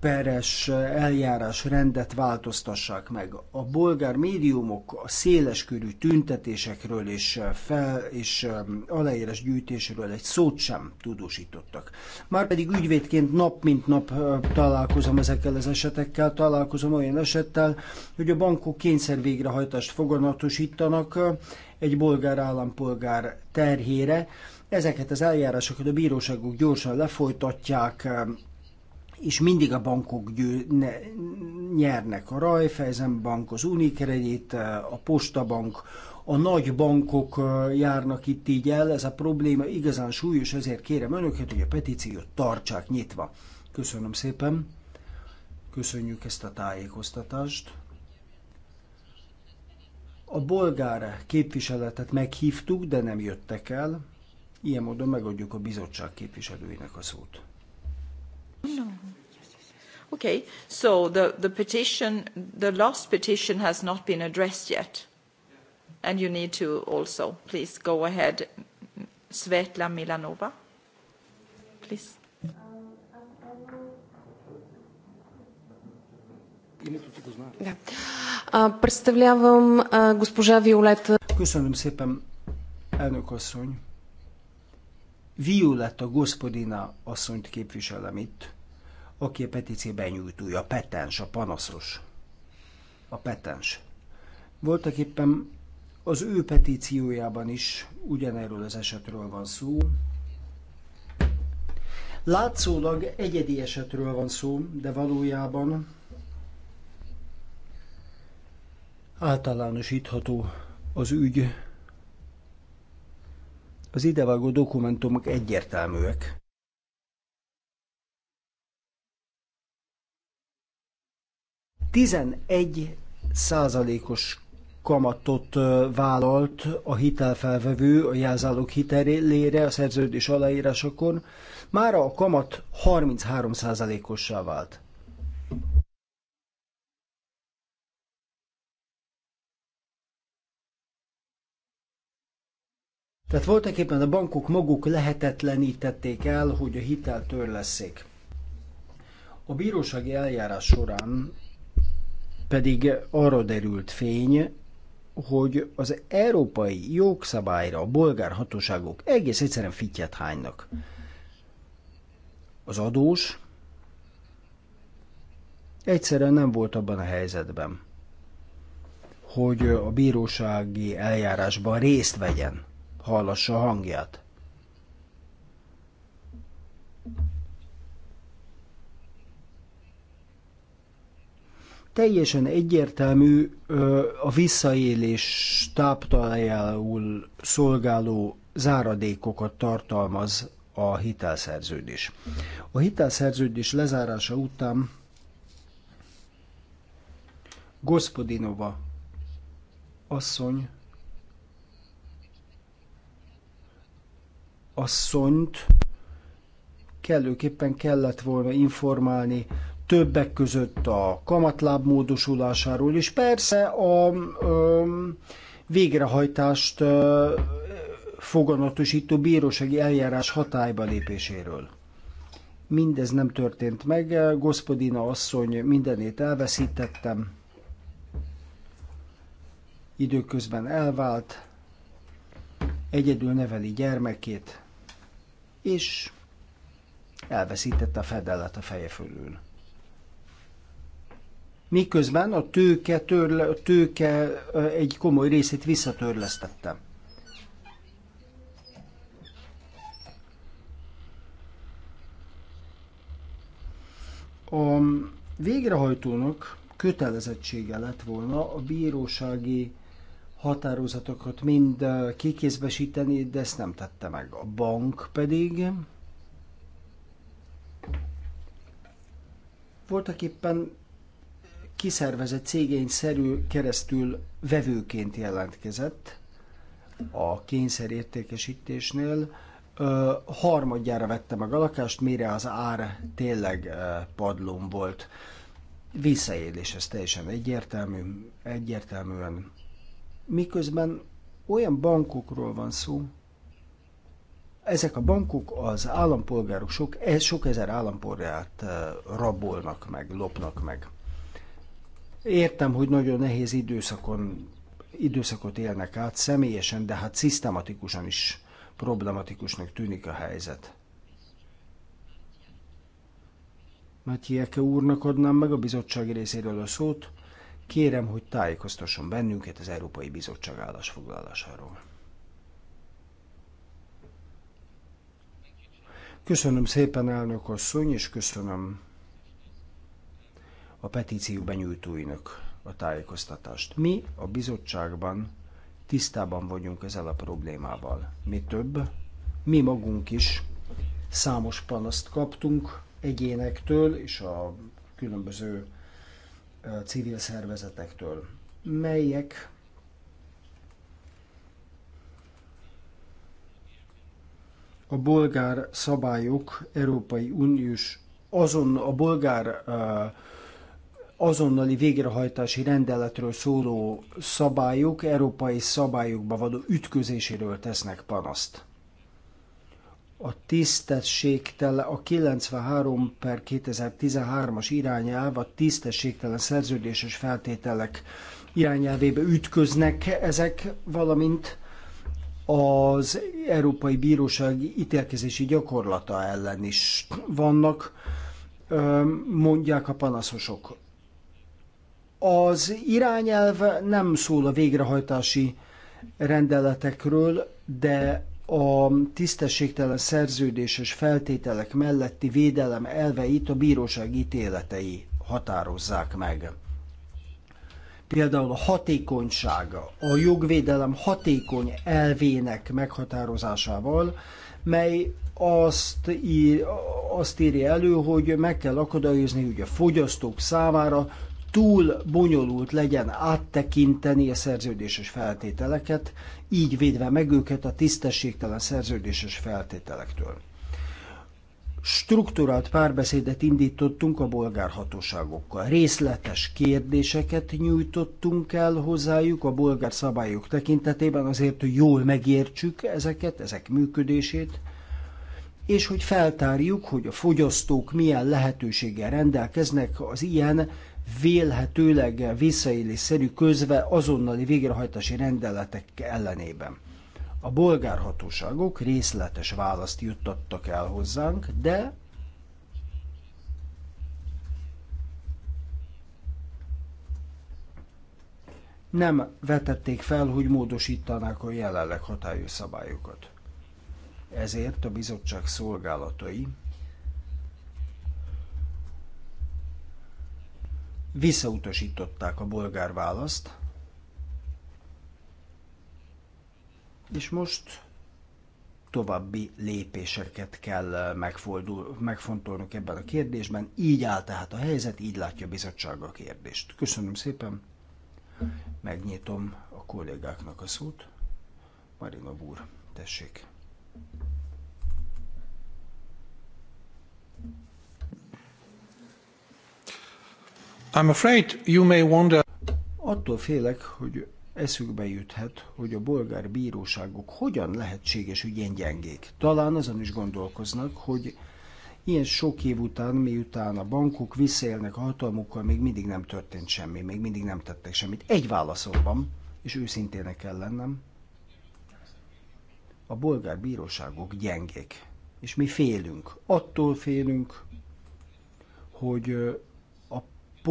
peres eljárás rendet változtassák meg. A bolgár médiumok a széleskörű tüntetésekről és, eh, fel, és eh, aláírás gyűjtésről egy szót sem tudósítottak. pedig ügyvédként nap mint nap eh, találkozom ezekkel az esetekkel, találkozom olyan esettel, hogy a bankok kényszer végrehajtást foganatosítanak egy bolgár állampolgár terhére, Ezeket az eljárásokat a bíróságok gyorsan lefolytatják, és mindig a bankok győ, ne, nyernek. A Raiffeisen Bank, az Unicredit, a Postabank, a nagy bankok járnak itt így el, ez a probléma igazán súlyos, ezért kérem önöket, hogy a petíciót tartsák nyitva. Köszönöm szépen, köszönjük ezt a tájékoztatást. A bolgár képviseletet meghívtuk, de nem jöttek el. Ilyen módon megadjuk a bizottság képviselőinek a szót. No. Okay, so the, the petition, the last petition has not been addressed yet. And you need to also, please go ahead, Svetla Milanova, please. Köszönöm szépen, elnök asszony. Violetta Gospodina asszonyt képviselem itt, aki a petíció benyújtója, a petens, a panaszos. A petens. Voltak éppen az ő petíciójában is ugyanerről az esetről van szó. Látszólag egyedi esetről van szó, de valójában általánosítható az ügy az idevágó dokumentumok egyértelműek. Tizenegy százalékos kamatot vállalt a hitelfelvevő a jelzálók hitelére a szerződés aláírásakor, mára a kamat 33 százalékossá vált. Tehát voltak éppen a bankok maguk lehetetlenítették el, hogy a hitel törleszék. A bírósági eljárás során pedig arra derült fény, hogy az európai jogszabályra a bolgár hatóságok egész egyszerűen fityet hánynak. Az adós egyszerűen nem volt abban a helyzetben, hogy a bírósági eljárásban részt vegyen hallassa a hangját. Teljesen egyértelmű a visszaélés táptalájául szolgáló záradékokat tartalmaz a hitelszerződés. A hitelszerződés lezárása után Gospodinova asszony asszonyt kellőképpen kellett volna informálni többek között a kamatláb módosulásáról, és persze a ö, végrehajtást ö, foganatosító bírósági eljárás hatályba lépéséről. Mindez nem történt meg, Gospodina asszony mindenét elveszítettem, időközben elvált, egyedül neveli gyermekét, és elveszítette a fedelet a feje fölül. Miközben a tőke, törle, a tőke egy komoly részét visszatörlesztette. A végrehajtónak kötelezettsége lett volna a bírósági határozatokat mind kikézbesíteni, de ezt nem tette meg. A bank pedig voltak éppen kiszervezett cégény szerű keresztül vevőként jelentkezett a értékesítésnél. ö, harmadjára vette meg a lakást, mire az ár tényleg ö, padlón volt. Visszaélés, ez teljesen egyértelmű, egyértelműen miközben olyan bankokról van szó, ezek a bankok az állampolgárok, sok, e, sok ezer állampolgárt e, rabolnak meg, lopnak meg. Értem, hogy nagyon nehéz időszakon, időszakot élnek át személyesen, de hát szisztematikusan is problematikusnak tűnik a helyzet. Matyieke úrnak adnám meg a bizottság részéről a szót, Kérem, hogy tájékoztasson bennünket az Európai Bizottság állásfoglalásáról. Köszönöm szépen, elnök asszony, és köszönöm a petíció benyújtóinak a tájékoztatást. Mi a bizottságban tisztában vagyunk ezzel a problémával. Mi több, mi magunk is számos panaszt kaptunk egyénektől és a különböző civil szervezetektől, melyek a bolgár szabályok Európai Uniós azon a bolgár azonnali végrehajtási rendeletről szóló szabályok európai szabályokba való ütközéséről tesznek panaszt a tisztességtelen, a 93 per 2013-as irányelv a tisztességtelen szerződéses feltételek irányelvébe ütköznek ezek, valamint az Európai Bíróság ítélkezési gyakorlata ellen is vannak, mondják a panaszosok. Az irányelv nem szól a végrehajtási rendeletekről, de a tisztességtelen szerződéses feltételek melletti védelem elveit a bíróság ítéletei határozzák meg. Például a hatékonysága, a jogvédelem hatékony elvének meghatározásával, mely azt, ír, azt írja elő, hogy meg kell akadályozni, hogy a fogyasztók számára túl bonyolult legyen áttekinteni a szerződéses feltételeket, így védve meg őket a tisztességtelen szerződéses feltételektől. Strukturált párbeszédet indítottunk a bolgár hatóságokkal. Részletes kérdéseket nyújtottunk el hozzájuk a bolgár szabályok tekintetében azért, hogy jól megértsük ezeket, ezek működését, és hogy feltárjuk, hogy a fogyasztók milyen lehetőséggel rendelkeznek az ilyen vélhetőleg visszaélésszerű közve azonnali végrehajtási rendeletek ellenében. A bolgár hatóságok részletes választ juttattak el hozzánk, de nem vetették fel, hogy módosítanák a jelenleg hatályos szabályokat. Ezért a bizottság szolgálatai Visszautasították a bolgár választ, és most további lépéseket kell eh, megfordul, megfontolnunk ebben a kérdésben. Így áll tehát a helyzet, így látja a bizottság a kérdést. Köszönöm szépen, megnyitom a kollégáknak a szót. Marina Búr, tessék. I'm afraid you may wonder... Attól félek, hogy eszükbe juthat, hogy a bolgár bíróságok hogyan lehetséges, hogy ilyen gyengék. Talán azon is gondolkoznak, hogy ilyen sok év után, miután a bankok visszaélnek a hatalmukkal, még mindig nem történt semmi, még mindig nem tettek semmit. Egy válaszomban, és őszintének kell lennem, a bolgár bíróságok gyengék, és mi félünk. Attól félünk, hogy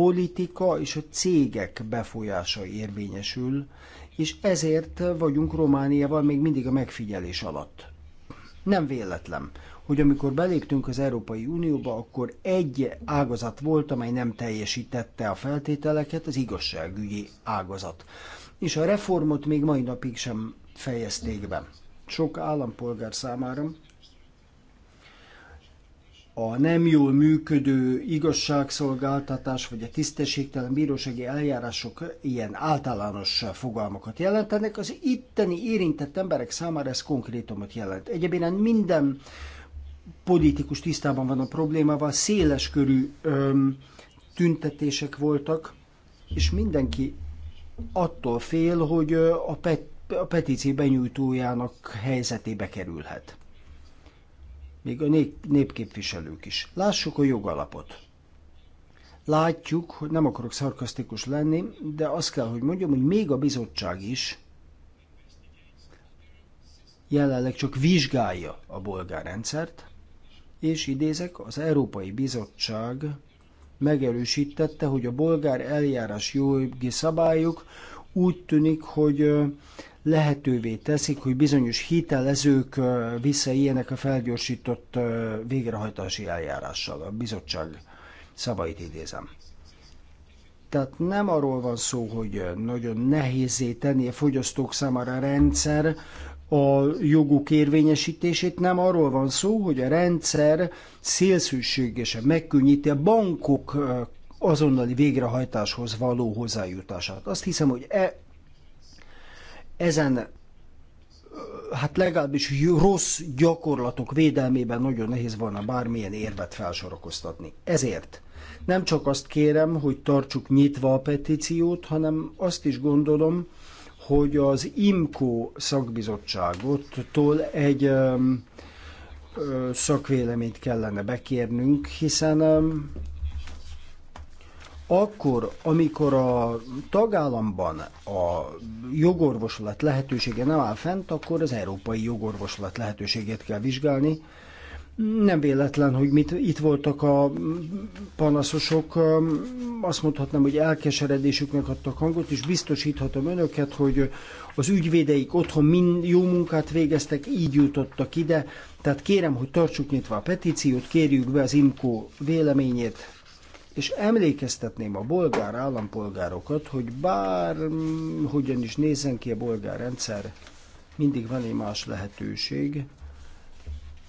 politika és a cégek befolyása érvényesül, és ezért vagyunk Romániával még mindig a megfigyelés alatt. Nem véletlen, hogy amikor beléptünk az Európai Unióba, akkor egy ágazat volt, amely nem teljesítette a feltételeket, az igazságügyi ágazat. És a reformot még mai napig sem fejezték be. Sok állampolgár számára a nem jól működő igazságszolgáltatás vagy a tisztességtelen bírósági eljárások ilyen általános fogalmakat jelentenek, az itteni érintett emberek számára ez konkrétumot jelent. Egyébként minden politikus tisztában van a problémával, széles körű öm, tüntetések voltak, és mindenki attól fél, hogy a, pet, a petíció benyújtójának helyzetébe kerülhet még a nép, népképviselők is. Lássuk a jogalapot. Látjuk, hogy nem akarok szarkasztikus lenni, de azt kell, hogy mondjam, hogy még a bizottság is jelenleg csak vizsgálja a bolgár rendszert, és idézek, az Európai Bizottság megerősítette, hogy a bolgár eljárás jogi szabályok úgy tűnik, hogy lehetővé teszik, hogy bizonyos hitelezők visszaéljenek a felgyorsított végrehajtási eljárással. A bizottság szavait idézem. Tehát nem arról van szó, hogy nagyon nehézé tenni a fogyasztók számára a rendszer a joguk érvényesítését, nem arról van szó, hogy a rendszer szélszűségesen megkönnyíti a bankok azonnali végrehajtáshoz való hozzájutását. Azt hiszem, hogy e ezen hát legalábbis rossz gyakorlatok védelmében nagyon nehéz volna bármilyen érvet felsorakoztatni. Ezért nem csak azt kérem, hogy tartsuk nyitva a petíciót, hanem azt is gondolom, hogy az IMCO szakbizottságottól egy ö, ö, szakvéleményt kellene bekérnünk, hiszen ö, akkor, amikor a tagállamban a jogorvoslat lehetősége nem áll fent, akkor az európai jogorvoslat lehetőségét kell vizsgálni. Nem véletlen, hogy mit, itt voltak a panaszosok, azt mondhatnám, hogy elkeseredésüknek adtak hangot, és biztosíthatom önöket, hogy az ügyvédeik otthon mind jó munkát végeztek, így jutottak ide, tehát kérem, hogy tartsuk nyitva a petíciót, kérjük be az IMKO véleményét, és emlékeztetném a bolgár állampolgárokat, hogy bár mm, hogyan is nézzen ki a bolgár rendszer, mindig van egy más lehetőség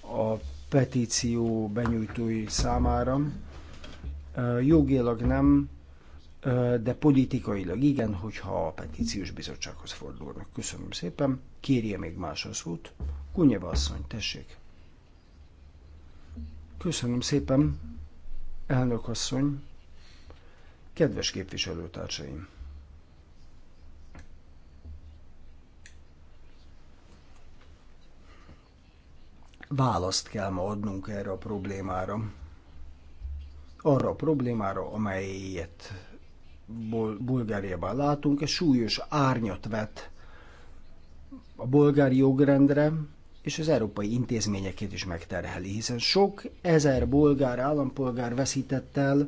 a petíció benyújtói számára. Jogilag nem, de politikailag igen, hogyha a petíciós bizottsághoz fordulnak. Köszönöm szépen. Kérje még más a szót. Kunyeva asszony, tessék. Köszönöm szépen. Elnök asszony, kedves képviselőtársaim! Választ kell ma adnunk erre a problémára. Arra a problémára, amelyet Bulgáriában látunk, és súlyos árnyat vet a bolgári jogrendre, és az európai intézményeket is megterheli, hiszen sok ezer bolgár állampolgár veszített el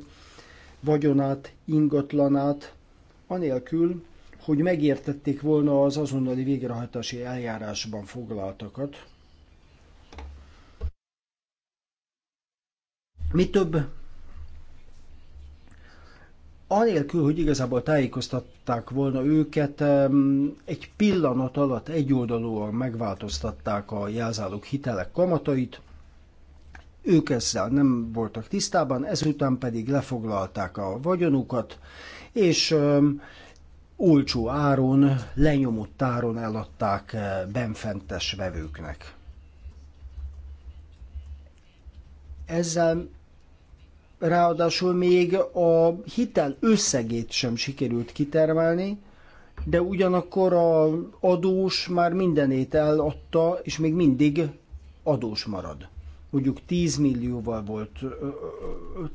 vagyonát, ingatlanát, anélkül, hogy megértették volna az azonnali végrehajtási eljárásban foglaltakat. Mi több, anélkül, hogy igazából tájékoztatták volna őket, egy pillanat alatt egyoldalúan megváltoztatták a jelzálók hitelek kamatait, ők ezzel nem voltak tisztában, ezután pedig lefoglalták a vagyonukat, és olcsó áron, lenyomott áron eladták eh, benfentes vevőknek. Ezzel ráadásul még a hitel összegét sem sikerült kitermelni, de ugyanakkor a adós már mindenét eladta, és még mindig adós marad. Mondjuk 10 millióval volt,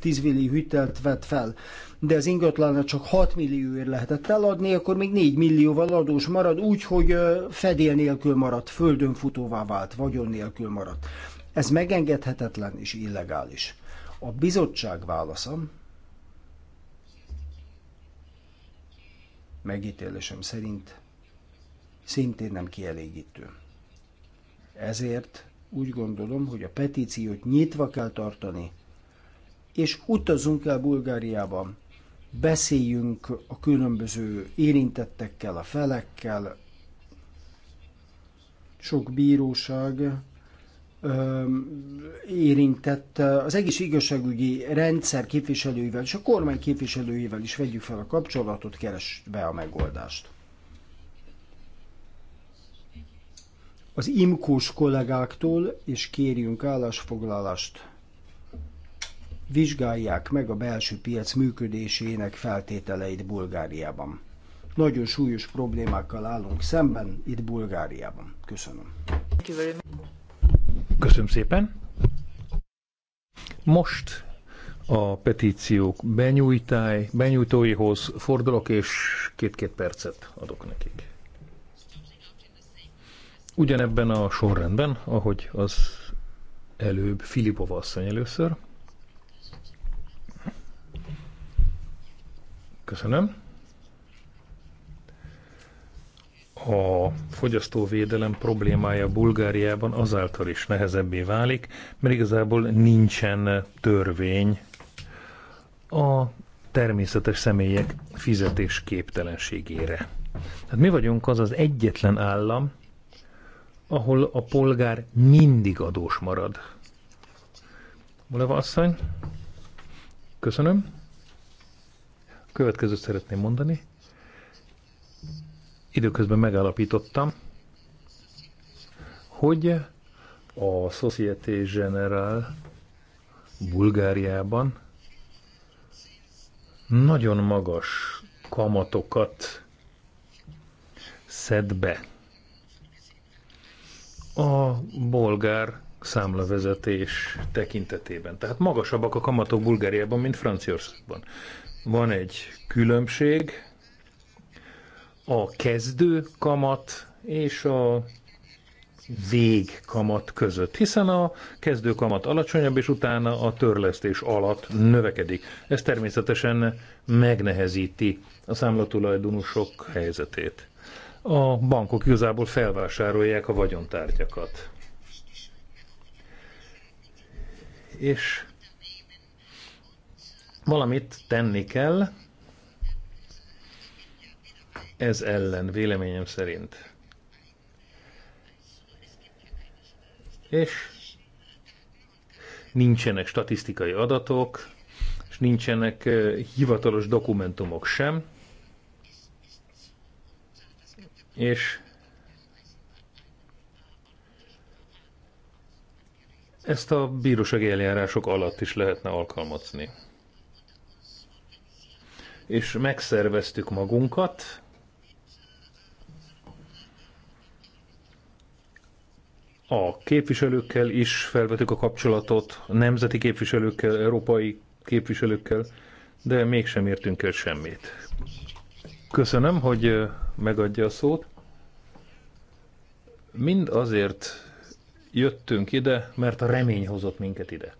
10 millió hitelt vett fel, de az ingatlan csak 6 millióért lehetett eladni, akkor még 4 millióval adós marad, úgy, hogy fedél nélkül maradt, földön futóvá vált, vagyon nélkül maradt. Ez megengedhetetlen és illegális. A bizottság válasza megítélésem szerint szintén nem kielégítő. Ezért úgy gondolom, hogy a petíciót nyitva kell tartani, és utazunk el Bulgáriába, beszéljünk a különböző érintettekkel, a felekkel, sok bíróság érintett az egész igazságügyi rendszer képviselőivel és a kormány képviselőivel is vegyük fel a kapcsolatot, keres be a megoldást. Az imkós kollégáktól és kérjünk állásfoglalást. Vizsgálják meg a belső piac működésének feltételeit Bulgáriában. Nagyon súlyos problémákkal állunk szemben itt Bulgáriában. Köszönöm. Köszönöm szépen. Most a petíciók benyújtáj, benyújtóihoz fordulok, és két-két percet adok nekik. Ugyanebben a sorrendben, ahogy az előbb Filipova asszony először. Köszönöm. a fogyasztóvédelem problémája Bulgáriában azáltal is nehezebbé válik, mert igazából nincsen törvény a természetes személyek fizetés képtelenségére. Tehát mi vagyunk az az egyetlen állam, ahol a polgár mindig adós marad. Muleva asszony, köszönöm. Következőt szeretném mondani időközben megállapítottam, hogy a Société Générale Bulgáriában nagyon magas kamatokat szed be. A bolgár számlavezetés tekintetében. Tehát magasabbak a kamatok Bulgáriában, mint Franciaországban. Van egy különbség, a kezdő kamat és a vég kamat között, hiszen a kezdő kamat alacsonyabb, és utána a törlesztés alatt növekedik. Ez természetesen megnehezíti a számlatulajdonosok helyzetét. A bankok igazából felvásárolják a vagyontárgyakat. És valamit tenni kell, ez ellen, véleményem szerint. És nincsenek statisztikai adatok, és nincsenek hivatalos dokumentumok sem. És ezt a bírósági eljárások alatt is lehetne alkalmazni. És megszerveztük magunkat, a képviselőkkel is felvetük a kapcsolatot, a nemzeti képviselőkkel, európai képviselőkkel, de mégsem értünk el semmit. Köszönöm, hogy megadja a szót. Mind azért jöttünk ide, mert a remény hozott minket ide.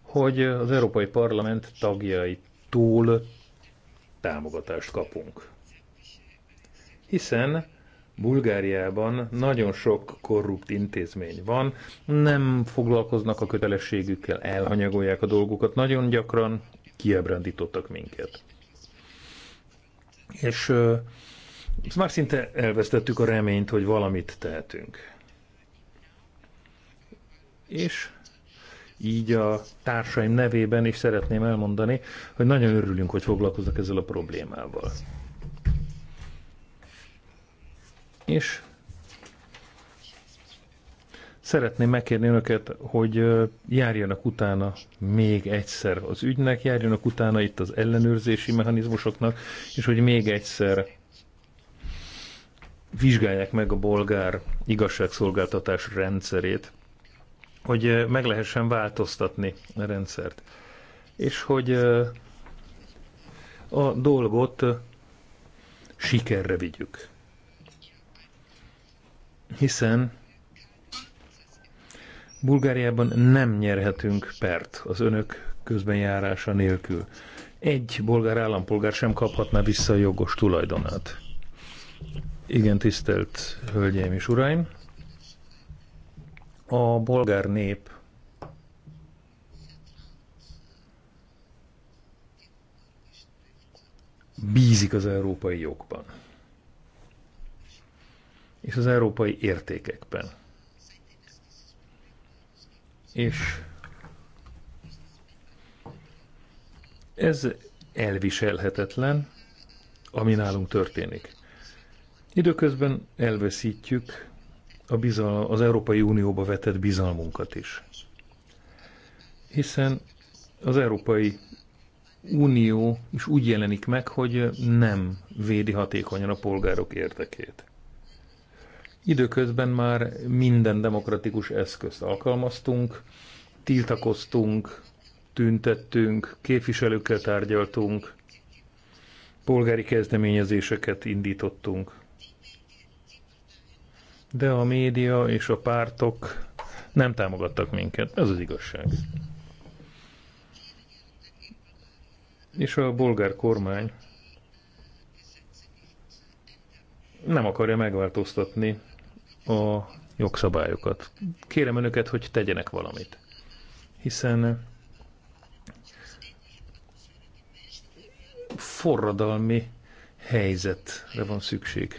Hogy az Európai Parlament tagjai túl támogatást kapunk. Hiszen Bulgáriában nagyon sok korrupt intézmény van, nem foglalkoznak a kötelességükkel, elhanyagolják a dolgukat, nagyon gyakran kiebrándítottak minket. És uh, már szinte elvesztettük a reményt, hogy valamit tehetünk. És így a társaim nevében is szeretném elmondani, hogy nagyon örülünk, hogy foglalkoznak ezzel a problémával. És szeretném megkérni önöket, hogy járjanak utána még egyszer az ügynek, járjanak utána itt az ellenőrzési mechanizmusoknak, és hogy még egyszer vizsgálják meg a bolgár igazságszolgáltatás rendszerét, hogy meg lehessen változtatni a rendszert. És hogy a dolgot sikerre vigyük hiszen Bulgáriában nem nyerhetünk pert az önök közbenjárása nélkül. Egy bolgár állampolgár sem kaphatná vissza a jogos tulajdonát. Igen, tisztelt Hölgyeim és Uraim! A bolgár nép bízik az európai jogban és az európai értékekben. És ez elviselhetetlen, ami nálunk történik. Időközben elveszítjük a bizal, az Európai Unióba vetett bizalmunkat is. Hiszen az Európai Unió is úgy jelenik meg, hogy nem védi hatékonyan a polgárok érdekét. Időközben már minden demokratikus eszközt alkalmaztunk, tiltakoztunk, tüntettünk, képviselőkkel tárgyaltunk, polgári kezdeményezéseket indítottunk. De a média és a pártok nem támogattak minket, ez az igazság. És a bolgár kormány nem akarja megváltoztatni a jogszabályokat. Kérem önöket, hogy tegyenek valamit. Hiszen forradalmi helyzetre van szükség.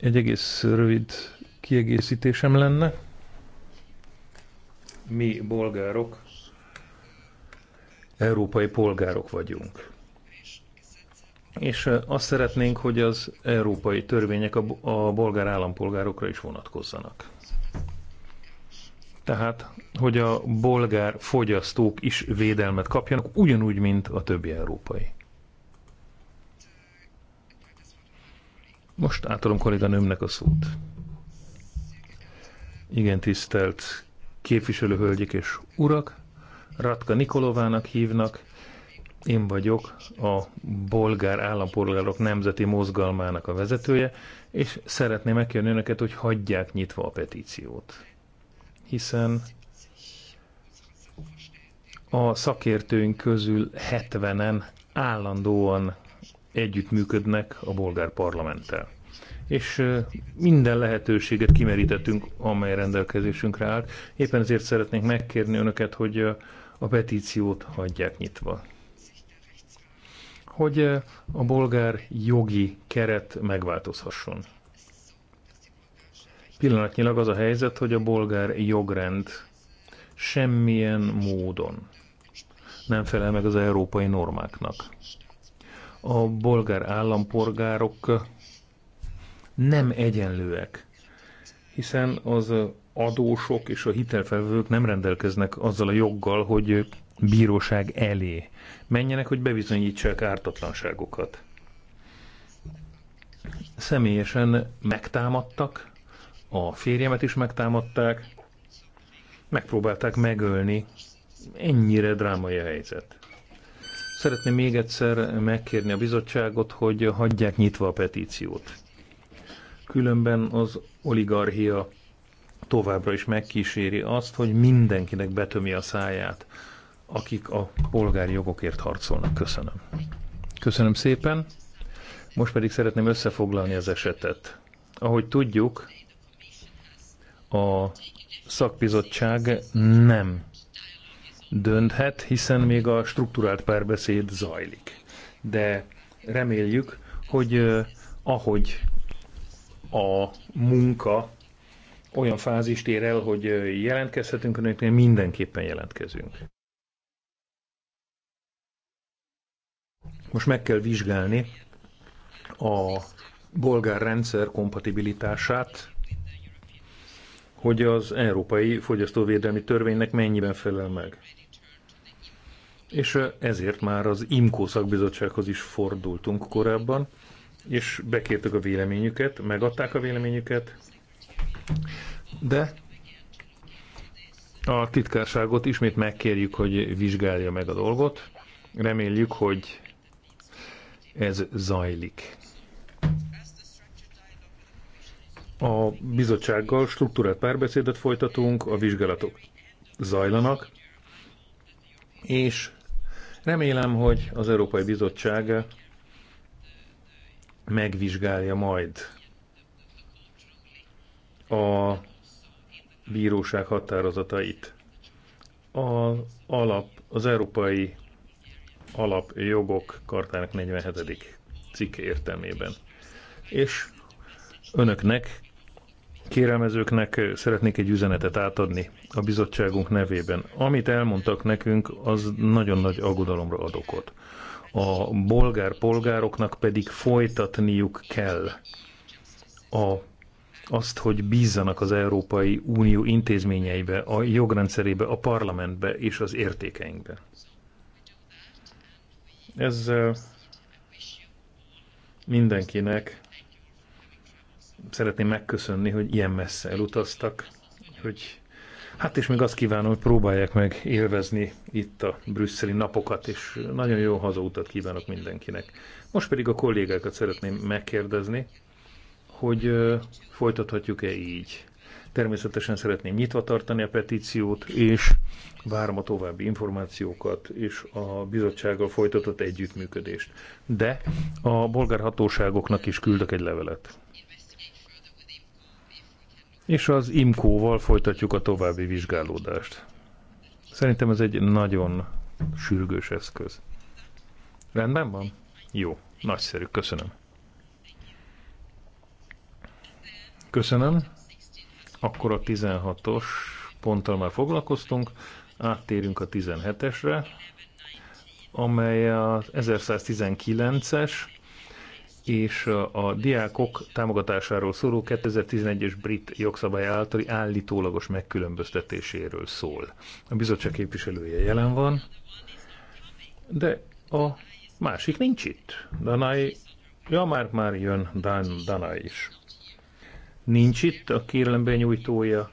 Egy egész rövid kiegészítésem lenne. Mi bolgárok, európai polgárok vagyunk és azt szeretnénk, hogy az európai törvények a, a bolgár állampolgárokra is vonatkozzanak. Tehát, hogy a bolgár fogyasztók is védelmet kapjanak, ugyanúgy, mint a többi európai. Most átadom kolléganőmnek a szót. Igen, tisztelt képviselőhölgyek és urak, Ratka Nikolovának hívnak, én vagyok a bolgár állampolgárok nemzeti mozgalmának a vezetője, és szeretném megkérni önöket, hogy hagyják nyitva a petíciót. Hiszen a szakértőink közül 70-en állandóan együttműködnek a bolgár parlamenttel. És minden lehetőséget kimerítettünk, amely rendelkezésünkre állt. Éppen ezért szeretnénk megkérni önöket, hogy a petíciót hagyják nyitva hogy a bolgár jogi keret megváltozhasson. Pillanatnyilag az a helyzet, hogy a bolgár jogrend semmilyen módon nem felel meg az európai normáknak. A bolgár állampolgárok nem egyenlőek, hiszen az adósok és a hitelfelvők nem rendelkeznek azzal a joggal, hogy bíróság elé menjenek, hogy bebizonyítsák ártatlanságukat. Személyesen megtámadtak, a férjemet is megtámadták, megpróbálták megölni. Ennyire drámai a helyzet. Szeretném még egyszer megkérni a bizottságot, hogy hagyják nyitva a petíciót. Különben az oligarchia továbbra is megkíséri azt, hogy mindenkinek betömi a száját akik a polgári jogokért harcolnak. Köszönöm. Köszönöm szépen. Most pedig szeretném összefoglalni az esetet. Ahogy tudjuk, a szakbizottság nem dönthet, hiszen még a strukturált párbeszéd zajlik. De reméljük, hogy ahogy a munka olyan fázist ér el, hogy jelentkezhetünk önöknél, mindenképpen jelentkezünk. Most meg kell vizsgálni a bolgár rendszer kompatibilitását, hogy az európai fogyasztóvédelmi törvénynek mennyiben felel meg. És ezért már az IMCO szakbizottsághoz is fordultunk korábban, és bekértük a véleményüket, megadták a véleményüket, de a titkárságot ismét megkérjük, hogy vizsgálja meg a dolgot. Reméljük, hogy ez zajlik. A bizottsággal struktúrát párbeszédet folytatunk, a vizsgálatok zajlanak, és remélem, hogy az Európai Bizottság megvizsgálja majd a bíróság határozatait. Az alap, az Európai alapjogok kartának 47. cikk értelmében. És önöknek, kérelmezőknek szeretnék egy üzenetet átadni a bizottságunk nevében. Amit elmondtak nekünk, az nagyon nagy aggodalomra ad okot. A bolgár polgároknak pedig folytatniuk kell a azt, hogy bízzanak az Európai Unió intézményeibe, a jogrendszerébe, a parlamentbe és az értékeinkbe. Ezzel mindenkinek szeretném megköszönni, hogy ilyen messze elutaztak, hogy hát és még azt kívánom, hogy próbálják meg élvezni itt a brüsszeli napokat, és nagyon jó hazautat kívánok mindenkinek. Most pedig a kollégákat szeretném megkérdezni, hogy folytathatjuk-e így. Természetesen szeretném nyitva tartani a petíciót, és várom a további információkat és a bizottsággal folytatott együttműködést. De a bolgár hatóságoknak is küldök egy levelet. És az IMCO-val folytatjuk a további vizsgálódást. Szerintem ez egy nagyon sürgős eszköz. Rendben van? Jó, nagyszerű, köszönöm. Köszönöm. Akkor a 16-os ponttal már foglalkoztunk, áttérünk a 17-esre, amely az 1119-es és a diákok támogatásáról szóló 2011-es brit jogszabály általi állítólagos megkülönböztetéséről szól. A bizottság képviselője jelen van, de a másik nincs itt. Danai, ja már már jön Dan, Danai is. Nincs itt a kérlemben nyújtója,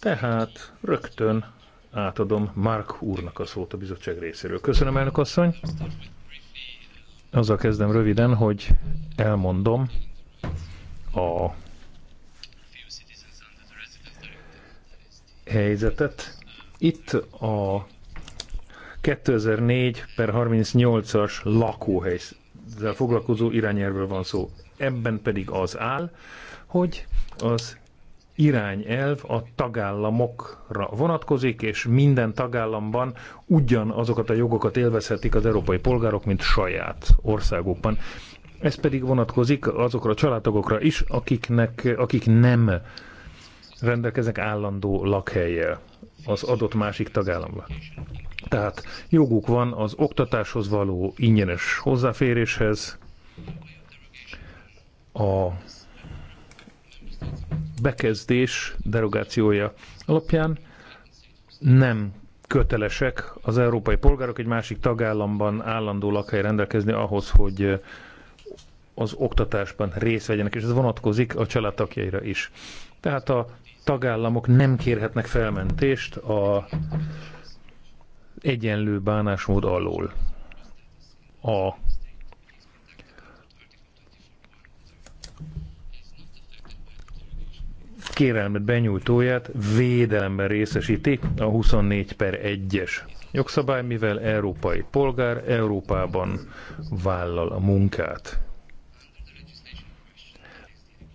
tehát rögtön átadom Mark úrnak a szót a bizottság részéről. Köszönöm, elnök asszony! Azzal kezdem röviden, hogy elmondom a helyzetet. Itt a 2004 per 38-as lakóhelyzettel foglalkozó irányelvről van szó. Ebben pedig az áll, hogy az irányelv a tagállamokra vonatkozik, és minden tagállamban ugyanazokat a jogokat élvezhetik az európai polgárok, mint saját országukban. Ez pedig vonatkozik azokra a családtagokra is, akiknek, akik nem rendelkeznek állandó lakhelyjel az adott másik tagállamban. Tehát joguk van az oktatáshoz való ingyenes hozzáféréshez, a bekezdés derogációja alapján nem kötelesek az európai polgárok egy másik tagállamban állandó lakhely rendelkezni ahhoz, hogy eh, az oktatásban részt vegyenek, és ez vonatkozik a családtakjaira is. Tehát a tagállamok nem kérhetnek felmentést a egyenlő bánásmód alól. A kérelmet benyújtóját védelemben részesíti a 24 per 1-es jogszabály, mivel európai polgár Európában vállal a munkát.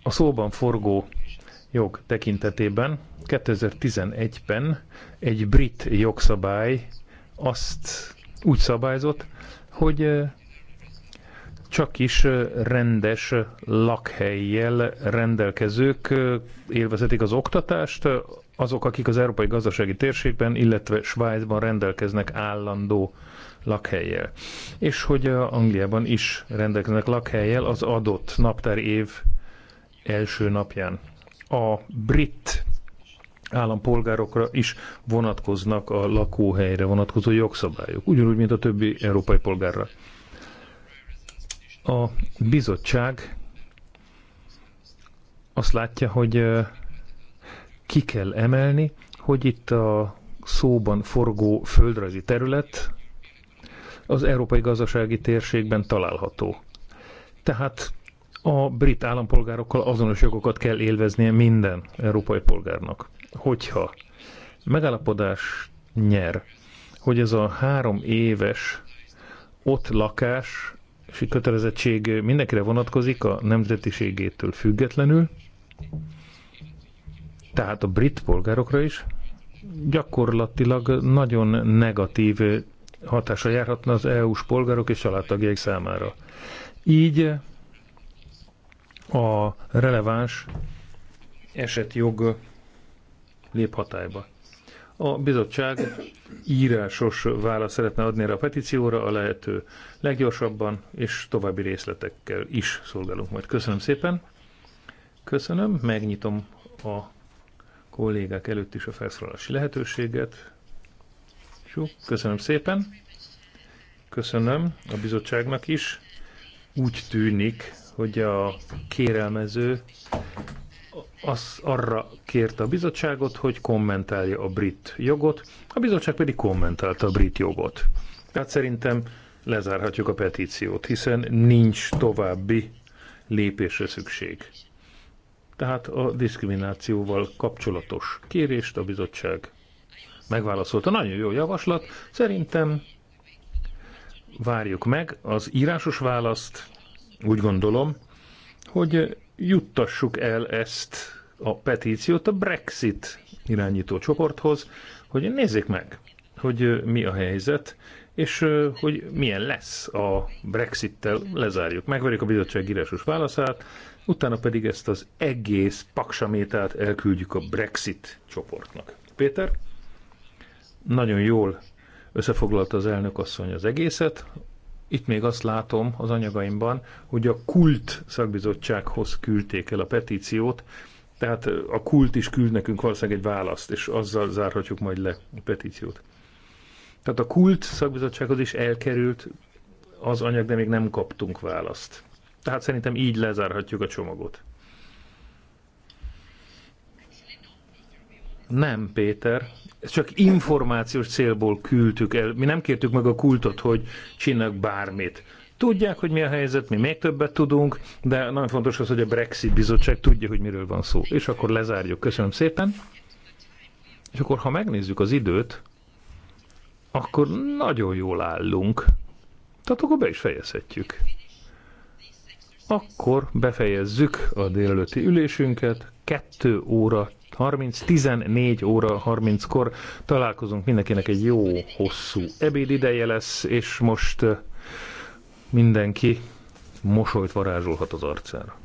A szóban forgó jog tekintetében 2011-ben egy brit jogszabály azt úgy szabályzott, hogy csak is rendes lakhelyjel rendelkezők élvezetik az oktatást, azok, akik az európai gazdasági térségben, illetve Svájcban rendelkeznek állandó lakhelyjel. És hogy Angliában is rendelkeznek lakhelyjel az adott naptár év első napján. A brit állampolgárokra is vonatkoznak a lakóhelyre vonatkozó jogszabályok, ugyanúgy, mint a többi európai polgárra. A bizottság azt látja, hogy ki kell emelni, hogy itt a szóban forgó földrajzi terület az európai gazdasági térségben található. Tehát a brit állampolgárokkal azonos jogokat kell élveznie minden európai polgárnak. Hogyha megállapodás nyer, hogy ez a három éves ott lakás kötelezettség mindenkire vonatkozik a nemzetiségétől függetlenül, tehát a brit polgárokra is gyakorlatilag nagyon negatív hatása járhatna az EU-s polgárok és családtagjaik számára. Így a releváns esetjog lép hatályba. A bizottság írásos választ szeretne adni erre a petícióra a lehető leggyorsabban, és további részletekkel is szolgálunk majd. Köszönöm szépen. Köszönöm, megnyitom a kollégák előtt is a felszólalási lehetőséget. Köszönöm szépen. Köszönöm a bizottságnak is. Úgy tűnik, hogy a kérelmező az arra kérte a bizottságot, hogy kommentálja a brit jogot, a bizottság pedig kommentálta a brit jogot. Hát szerintem lezárhatjuk a petíciót, hiszen nincs további lépésre szükség. Tehát a diszkriminációval kapcsolatos kérést a bizottság megválaszolta. Nagyon jó javaslat. Szerintem várjuk meg az írásos választ. Úgy gondolom, hogy juttassuk el ezt a petíciót a Brexit irányító csoporthoz, hogy nézzék meg, hogy mi a helyzet, és hogy milyen lesz a Brexittel, lezárjuk. Megverjük a bizottság írásos válaszát, utána pedig ezt az egész paksamétát elküldjük a Brexit csoportnak. Péter, nagyon jól összefoglalta az elnök asszony az egészet, itt még azt látom az anyagaimban, hogy a kult szakbizottsághoz küldték el a petíciót, tehát a kult is küld nekünk valószínűleg egy választ, és azzal zárhatjuk majd le a petíciót. Tehát a kult szakbizottsághoz is elkerült az anyag, de még nem kaptunk választ. Tehát szerintem így lezárhatjuk a csomagot. Nem, Péter, ez csak információs célból küldtük el. Mi nem kértük meg a kultot, hogy csinálnak bármit. Tudják, hogy mi a helyzet, mi még többet tudunk, de nagyon fontos az, hogy a Brexit bizottság tudja, hogy miről van szó. És akkor lezárjuk. Köszönöm szépen. És akkor, ha megnézzük az időt, akkor nagyon jól állunk. Tehát akkor be is fejezhetjük. Akkor befejezzük a délelőtti ülésünket. 2 óra 30, 14 óra 30-kor találkozunk. Mindenkinek egy jó hosszú ebéd ideje lesz, és most eh, mindenki mosolyt varázsolhat az arcára.